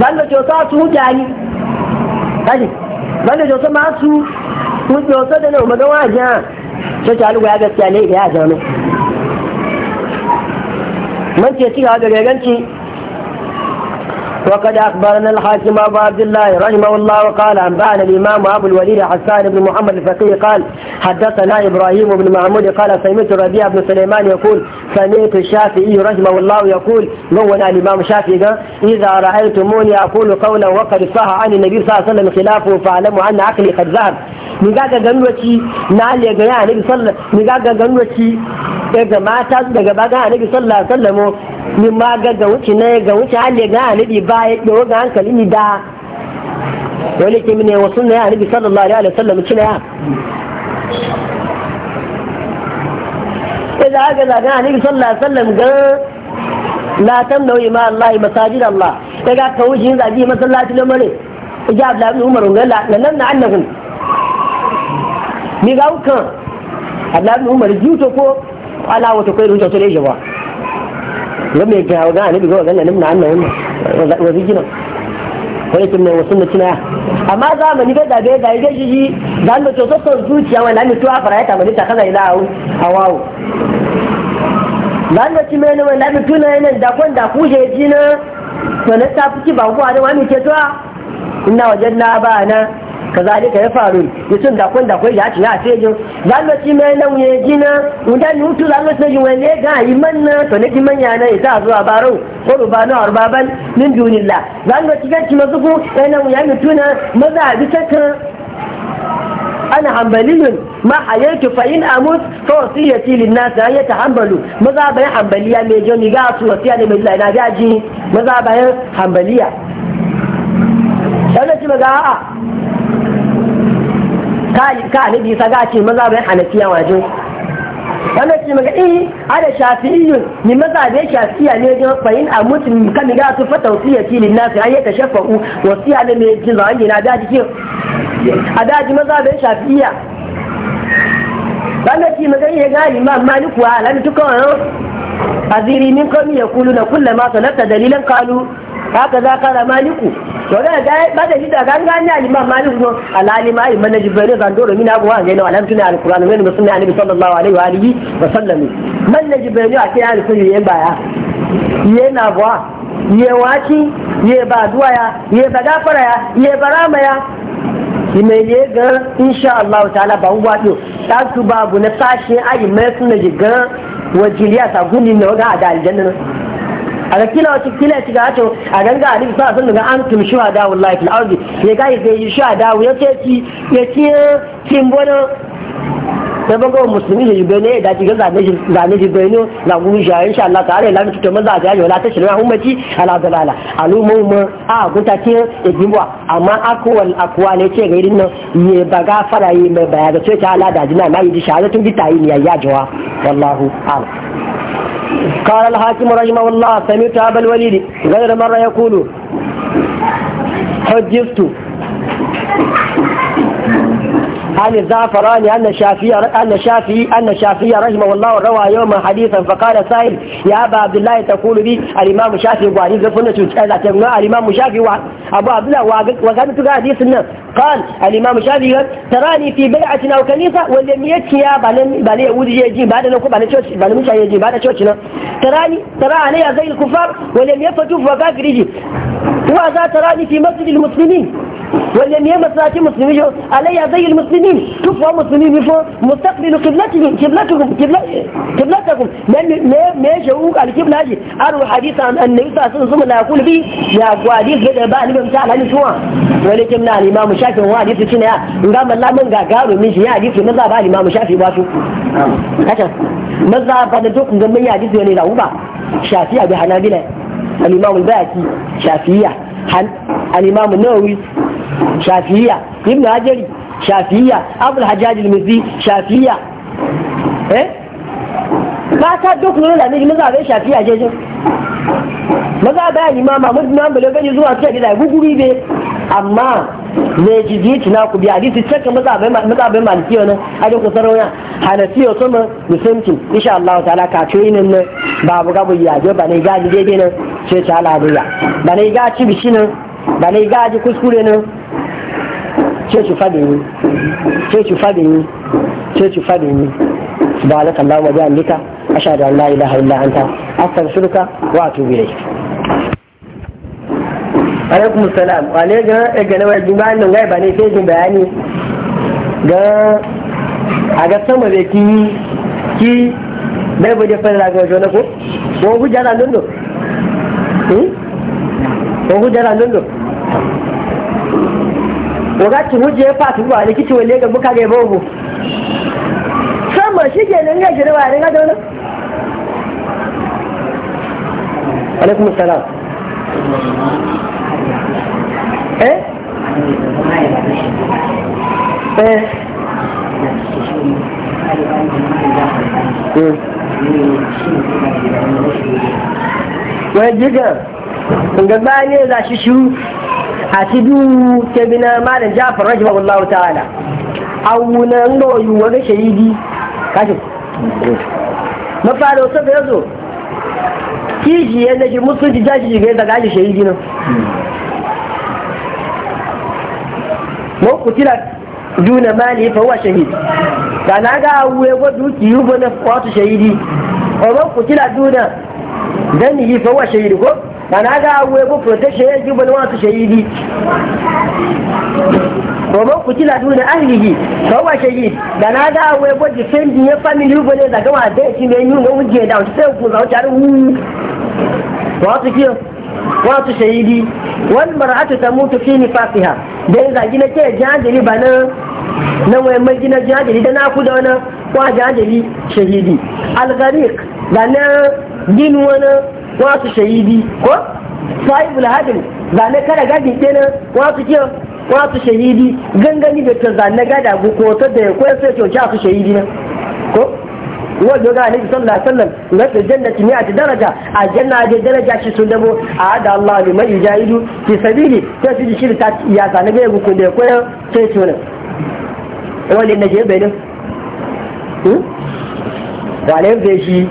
Speaker 1: ban da ke sa su jani kaji ban da ke sa ma su wuce wasu da nan magan wajen sai alugu ya gaskiya ne da ya jami man ce ci gaba da gaganci وقد أخبرنا الحاكم أبو عبد الله رحمه الله وقال أنبأنا الإمام أبو الوليد حسان بن محمد الفقيه قال حدثنا إبراهيم بن محمود قال سمعت ربيع بن سليمان يقول سمعت الشافعي رحمه الله يقول نونا الإمام الشافعي إذا رأيتموني أقول قولا وقد صح عن النبي صلى الله عليه وسلم خلافه فاعلموا أن عقلي قد ذهب ni ga ga ganwaci na aliya ga ya nabi sallallahu ni ganwaci daga mata daga baga nabi sallallahu alaihi wasallam ma ga ga ne ga ga baya ɗo ga hankali ni da wani ke mine wasu na ya harbi sallallahu alaihi wasallam ci na ya ɗaya za ga zagan harbi sallallahu alaihi wasallam ga latan da ma Allah masajid Allah ta ga kawo jin zagi masallaci na mare ija abdullahi bin umaru ga lalan na annahun mi ga hukan abdullahi bin umaru jiwuto ko ala wata kwayar hukun sun ne shi ga mai gawa ga annabi ga wannan nan nan nan wa zikina kai tun nan wasu mutuna amma zamani ga dabe ga ga jiji dan da to to zuciya wa nan to afara ya tamani ta kaza ila hawawu dan da kime ne wa nan tuna ne da kon da kuje jina to na tafi ki ba kuwa da wani ke to inna wajanna ba na kazalika ya faru mutum da kun da kwai ya ci ya ce jin zalmaci mai nan ya gina wanda ni mutu zalmaci jin wani ya ga yi manna to ne kiman ya nan ita zuwa barau ko rubanu arbaban min dunillah zalmaci ga ci mazuku sai nan ya mutuna maza bisa kan ana hambaliyun ma hayatu fa in amut fa wasiyati lin nas an tahambalu maza bayan hambaliya mai joni ga su wasiya ne mai na gaji maza bayan hambaliya wannan ci maza a'a ka annabi isa ga ce maza bai hanafiya wajen wannan ce maka eh ada shafi'iyun ni maza da shafi'iya ne ga fa'in a mutum kan ga su fa tawsiya ti lin nas ay ta shafa shafa'u wasiya ne mai jin zawan na da ke? a daji maza da shafi'iya wannan ce maka eh ga imam malik wa lan tukan aziri min na yaquluna kullama salata dalilan qalu haka za ka da maliku to da ga ba da shida ga ga ni imam maliku no alali mai na jibril ga dole mina buwa ne alam tuna alquran ne musulmi annabi sallallahu alaihi wa alihi wa sallam man na jibril a kai alkuri yan baya yana buwa ye waci ye ba duwa ya ye ba gafara ya ye barama ya ime ye ga insha Allah ta'ala ba uwa ɗo ta su babu na sashen ayi mai suna ga wajiliya ta guni na ga a da aljanna a aga kila wata kila ci ga to a ganga a sa sun daga an tun shi shuhada wallahi fil ardi ya ga yi shi shuhada ya ce ci ya ci kin bono sai bago musulmi da yubene da ci ga zane shi zane yubene la gu sha insha Allah ta'ala la mutu mun za ta yi wala ta shirya ummati ala dalala alumu mu a guta ce igimwa amma akwal akwa ne ce ga irin nan ye ga fara yi mai baya ga ce ta ala da jina na yi shahada tun bitayi ne ya jawa wallahu a'lam قال الحاكم رحمه الله سمعت أبا الوليد غير مرة يقول حجزت عن الزعفراني أن الشافعي أن الشافعي أن الشافعي رحمه الله روى يوما حديثا فقال سائل يا أبا عبد الله تقول لي الإمام الشافعي وعلي زفنة إذا تمنع الإمام الشافعي أبو عبد الله وقال تقع حديث قال الإمام الشافعي تراني في بيعة أو كنيسة ولم يتيا بني ودي يجي بعد نكو بعد شوش بعد مش يجي بعد شوش تراني ترى علي زي الكفار ولم يفتوا فقاك رجي وذا تراني في مسجد المسلمين wanda ne masallaci musulmi jo alayya zai yi musulmin tufuwa musulmi bifo mustaqbilu qiblatuhum qiblatuhum qiblatuhum me me shawu alqibla ji aru hadithan annabi sallallahu alaihi wasallam la yaqul bi ya gwadi da ba ni ta alani wani kim na shafi wa hadithu cina ya ga ya hadithu maza shafi shafiya ibn hajari shafiya abul hajjaj al-mizzi shafiya eh ba ta duk nuna da miji maza bai shafiya jeje maza bai imama mutum na bale bai zuwa ta gida guguri be amma zai ji ji tuna ku biya hadisi cakka maza bai maza bai maliki wannan ajin ku sarauna hanafiya to mu musulmi insha Allah ta'ala ka ce inin nan babu gabu ya je ba ne ga daidai nan sai ta Allah ya ba ne ga ci nan ceci fadin ceci fadin ceci fadin subhanaka allahumma wa bihamdika ashhadu an la ilaha illa anta astaghfiruka wa atubu ilayk alaikum salam wale ga eh, ga na wajen bayan nan gai ba ne sai jin bayani ga a ga sama da ki ki bai bude fara ga wajen ko ko hujja na lundo hmm? ko hujja na lundo wakati muje ya fata zuwa da kici wale ga buka ga babu sama shi ke nan gashi da wani gada wani alaikum salam eh eh hmm. Wai jigar gaba ne za shi shiru a ti du ke bina malam jafar rahimahu Allah ta'ala awuna ngo yu wa shahidi kashi mafaro so da yazo kiji yana ji musulunci jashi ga da gashi shahidi ma mo tira duna mali fa wa shahid da na ga awuye go duki yubo na kwatu shahidi o mo tira duna dani fa wa shahidi ko kana ga agwe ko protection ya ji balwa su shahidi Roman kutila duna ahlihi ko wa shahid da na ga abu ya ko defending ya family ko ne daga wa da shi ne yi ko je da wasu sai ku zau tare wu wasu kiyo wasu shahidi wal mar'atu tamutu fi nifaqiha dai zagi na ke jajiri bana nan wai mai gina jajiri da na ku da wani kwa jajiri shahidi algarik gariq da na gin wani wasu shahidi ko sahibu lahadin zane kada gadi kenan wasu kiyo wasu shahidi gangani da ta zane gada ko ta da ya koyar sai kyauci su shahidi ne ko wanda ga alaihi sallallahu alaihi wasallam na ta jannati mi'at a daraja a janna da daraja shi sun dabo a hada Allah ne mai jahidu fi sabili ta su shi ta ya zane ga ko da ya sai to ne wani ne je bai nan hmm? wale shi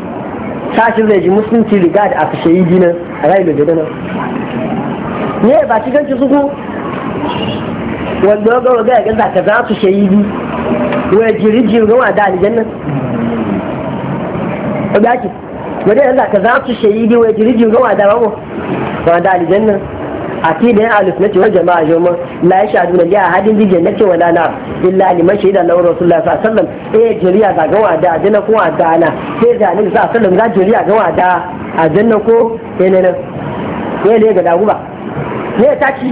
Speaker 1: sashi zai ji musulunci riga da aka shayi gina a rai da gadana ne ba ci ganci suku wanda ga waga ya gaza ka za su shayi bi wai jiri jiri wanda da alijan nan ba ki wanda ya gaza ka za su shayi bi wai jiri jiri wanda da ramu Wanda da alijan nan akidan ahlus sunnati wal jama'a jama la yashadu hadin ahadin na jannati wala na illa liman shahida lahu rasulullah sallallahu alaihi wasallam eh jariya ga gawa da ajina ko dana sai da sa sallallahu alaihi wasallam ga jariya ga da ajina ko eh, ne ne ne eh, ne ga dagu ba ne ta ci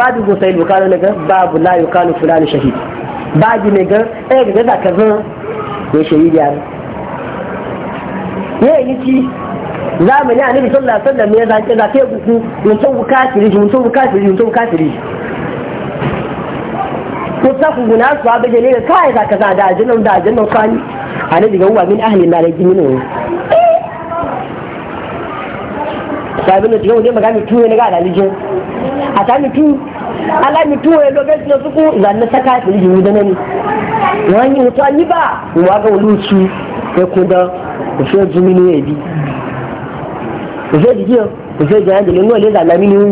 Speaker 1: babu gusai bukalu ne ga babu la yukalu fulan shahid babu ne ga eh ga da kazan ne shahidi ya ne yi ci zamani a nabi sallallahu alaihi wasallam ya zake zafe ku mutum kafiri shi mutum kafiri mutum kafiri ko ta ku guna su abe ne da kai za ka da ajinan da ajinan kwani a nabi ga uwa min ahli na da jimin sabin da tiyon ma gami tuwe na ga lijin a ta mutu, tu ala ya tuwe lokacin da suku zan na saka ta jini da nani wani mutu an yi ba wa ga wuluci ya kuda ku so jimini ya bi kòsó ìdíjí o kòsó ìjọba ìdílé ní ọ̀lẹ́dà lámì ní wú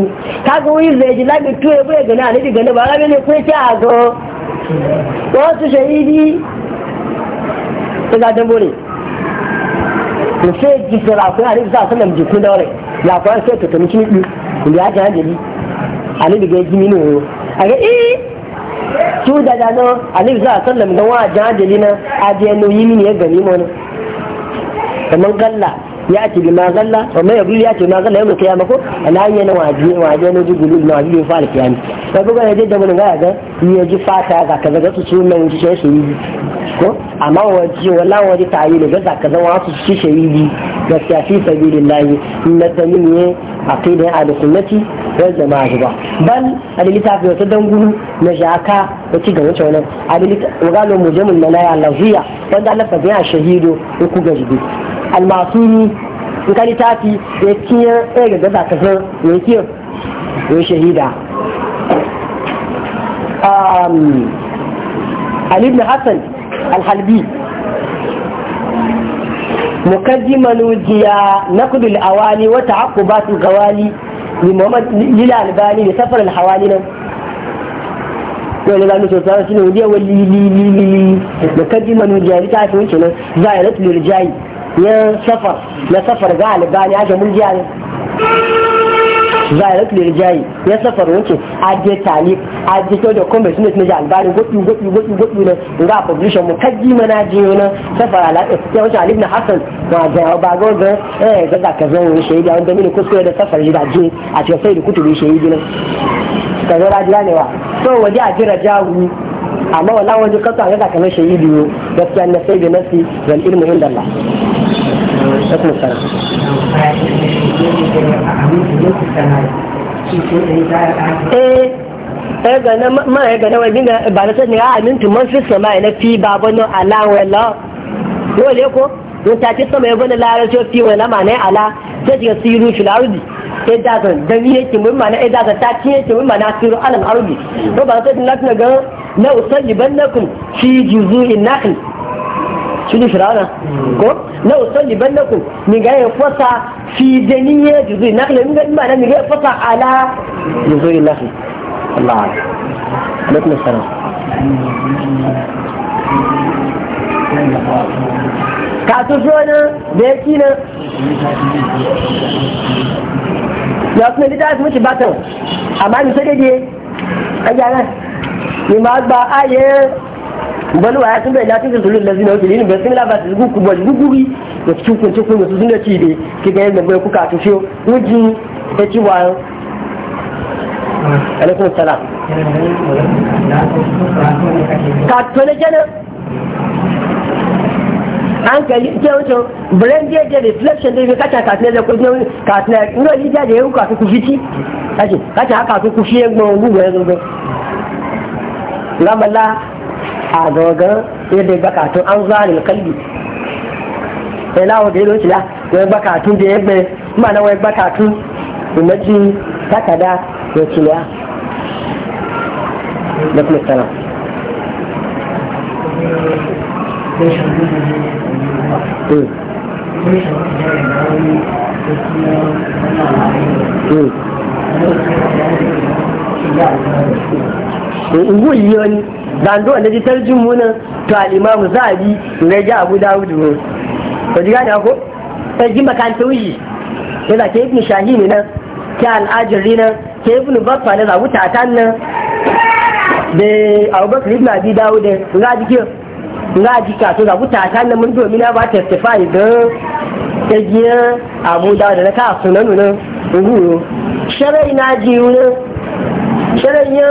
Speaker 1: káàkó wí ìfẹ̀jì lágbè tó ẹgbẹ́ ìgbẹ́ náà níbi ìgbẹ́lẹ́bọ̀ arábẹ́ ní pé tí àgọ́ wọ́n tún ṣe yí bí ẹgbẹ́ àdánwò rẹ̀ kòsó ìjì sọ̀rọ̀ àkóyà níbi sáà sọ́nà ìjì kún lọ́rẹ̀ làkóyà sí ètò tòmí kíníkì ìlú àjẹ́ àjẹ́lí àníbi gẹ́ jí nínú òru àgẹ́ í tí ó dada náà àníbi sáà sọ́nà ìgbẹ́ wọn àjẹ́ àjẹ́lí náà àjẹ́ ẹnu yí mí ni gani mọ́ náà ẹ̀mọ́ gánlà ya ce bi ma zalla wa mai yabu ya ce ma zalla yau kiyama ko ana yi na waje waje na ji gulu na ji fa al kiyami da buga ne da mun ga ga ya ji fata ga kaza ga su su ji sai su yi ko amma waje wala waje ta yi ga zaka zan wasu shi shahidi gaskiya fi sabilillahi na tamin ne aqida al-sunnati wal jama'a ba bal adilita fi wata dangulu na jaka da ci gaba wuce wannan adilita wa galo na malaya lafiya wanda Allah fa biya shahido ko ga jibi almasuni in ka littafi ya kiyar ɗaya ga gaza ka san mai kiyar ya shahida um, Ali ibn Hassan al-Halbi mukaddiman wujiya naqd al-awali wa ta'aqqubat al-gawali li Muhammad lila albani da safar al-hawali nan to ne zanu so ta shine wujiya wali li li li mukaddiman wujiya ta shi wancan nan zayaratul rijai ya safar na safar ga albani aka mun jiya ne zairat lirjayi ya safar wuce aje talib aje to da kuma sun ne ji albani gudu gudu gudu gudu ne ga position mu kaji mana ji ne safar ala ya wuce alif na hasan ma ga ba go ga eh ga da ka shi da wanda mini kuskure da safar ji da ji a ce sai da kutubi shi ne ka zo rajira ne wa to waje a jira jawu amma wallahi wani kasu a ga kamar shehidi gaskiya na sai da nasi wal ilmu inda Allah alaikum assalam eh eh ga na ma eh, ga na wani ba da sani a amintu man fi sama eh, na fi babon alawai la dole ko don ta ce sama ya bane larabci fi wani ma na eh, ala ta ce siru fil ardi sai da zan dan yake mun ma na ai da zan ta ce yake mun ma na siru alal ardi to ba sai na shi ne ko na usalli bannakum ni ga ya fasa fi janiye juzu na kala ni ga ma na ni ga fasa ala juzu ilahi Allah alaikum assalam ka tu so na da yake na ya kuma lita su mutu batan amma ni sai dai a gyara ni ma ba a yi bani wa ya tun bai latin zulul lazina wa tilin bai sun labar su gugu ba guguri da cikin da sun da ci da ki ga yadda bai kuka to shiyo wuji da ci wayo alaikum salam ka to ne kenan an ka yi ke wucin brain je je reflection da bai kacha katina da kudin katina ina yi jaje yau ka ku fiti kace kace haka ku fiye gbon gugu ya zo ga malla a gaga yadda baka tun an zari kalbi sai lawo da yalo kila wai baka tun da yabbe mana wai baka tun umaji takada ya kila da kuma sana zando wanda daji tarjin munan to al'imamu bi na ji abu dawud ne ko ji gane ko sai ji makanta wuyi sai da ke ibn shahin nan ke al-ajri nan ke ibn bakwa na wuta tatan nan da abubakar ibn abi dawud ga ji ke ga ji ka to wuta tatan nan mun domin na ba testify da ta ji abu dawud da ka sunanu nan ruhu sharai na ji wurin sharai ya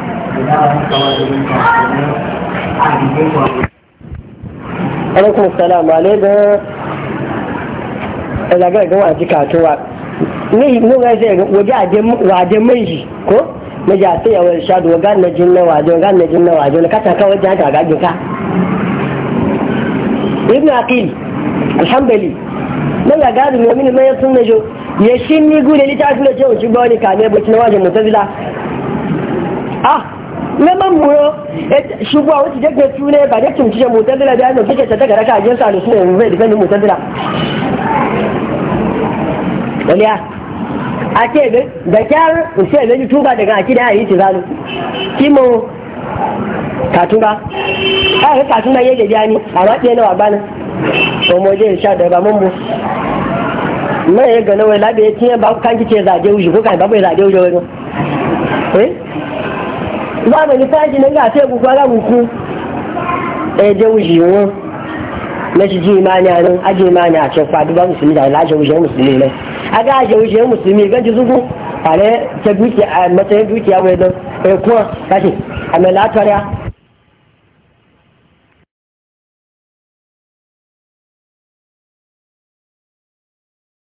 Speaker 1: alaikun salam alaiga ilaga ga wa ni mu waje waje mai shi ko na ja sai yawan shadu waga na jin na waje waga na jin na waje na kata kawai ta ga jika ibn aqil ga gadi ne mai jo ya ni gure litafi na ce wuce ba wani kane buci waje mutazila ah neman muyo e, shugwa wacce jagwe tune ba da kimci mutandila da yanzu kike ta raka ajiyar sa suna yanzu zai difendin mutandila waliya a ce da kyar sai da tuba daga aki da yayi tizalu kimo katunga a ga katunga yake da ni a ma ɗaya nawa bana to mo je sha da ba mun mu mai ga nawa e labe ya tiye ba kan kice zaje uji ko kan ba bai zaje uji wani eh zamani tashi nan ga sai gugu ga buku ɗaya je wuji won na shi ji imani a nan aje imani a can kwadu ba musulmi da lashe wujen musulmi ne a ga aje wujen musulmi gan ji zugu fare ta dukiya a matsayin dukiya mai don ɗaya kuma kashi a mai latariya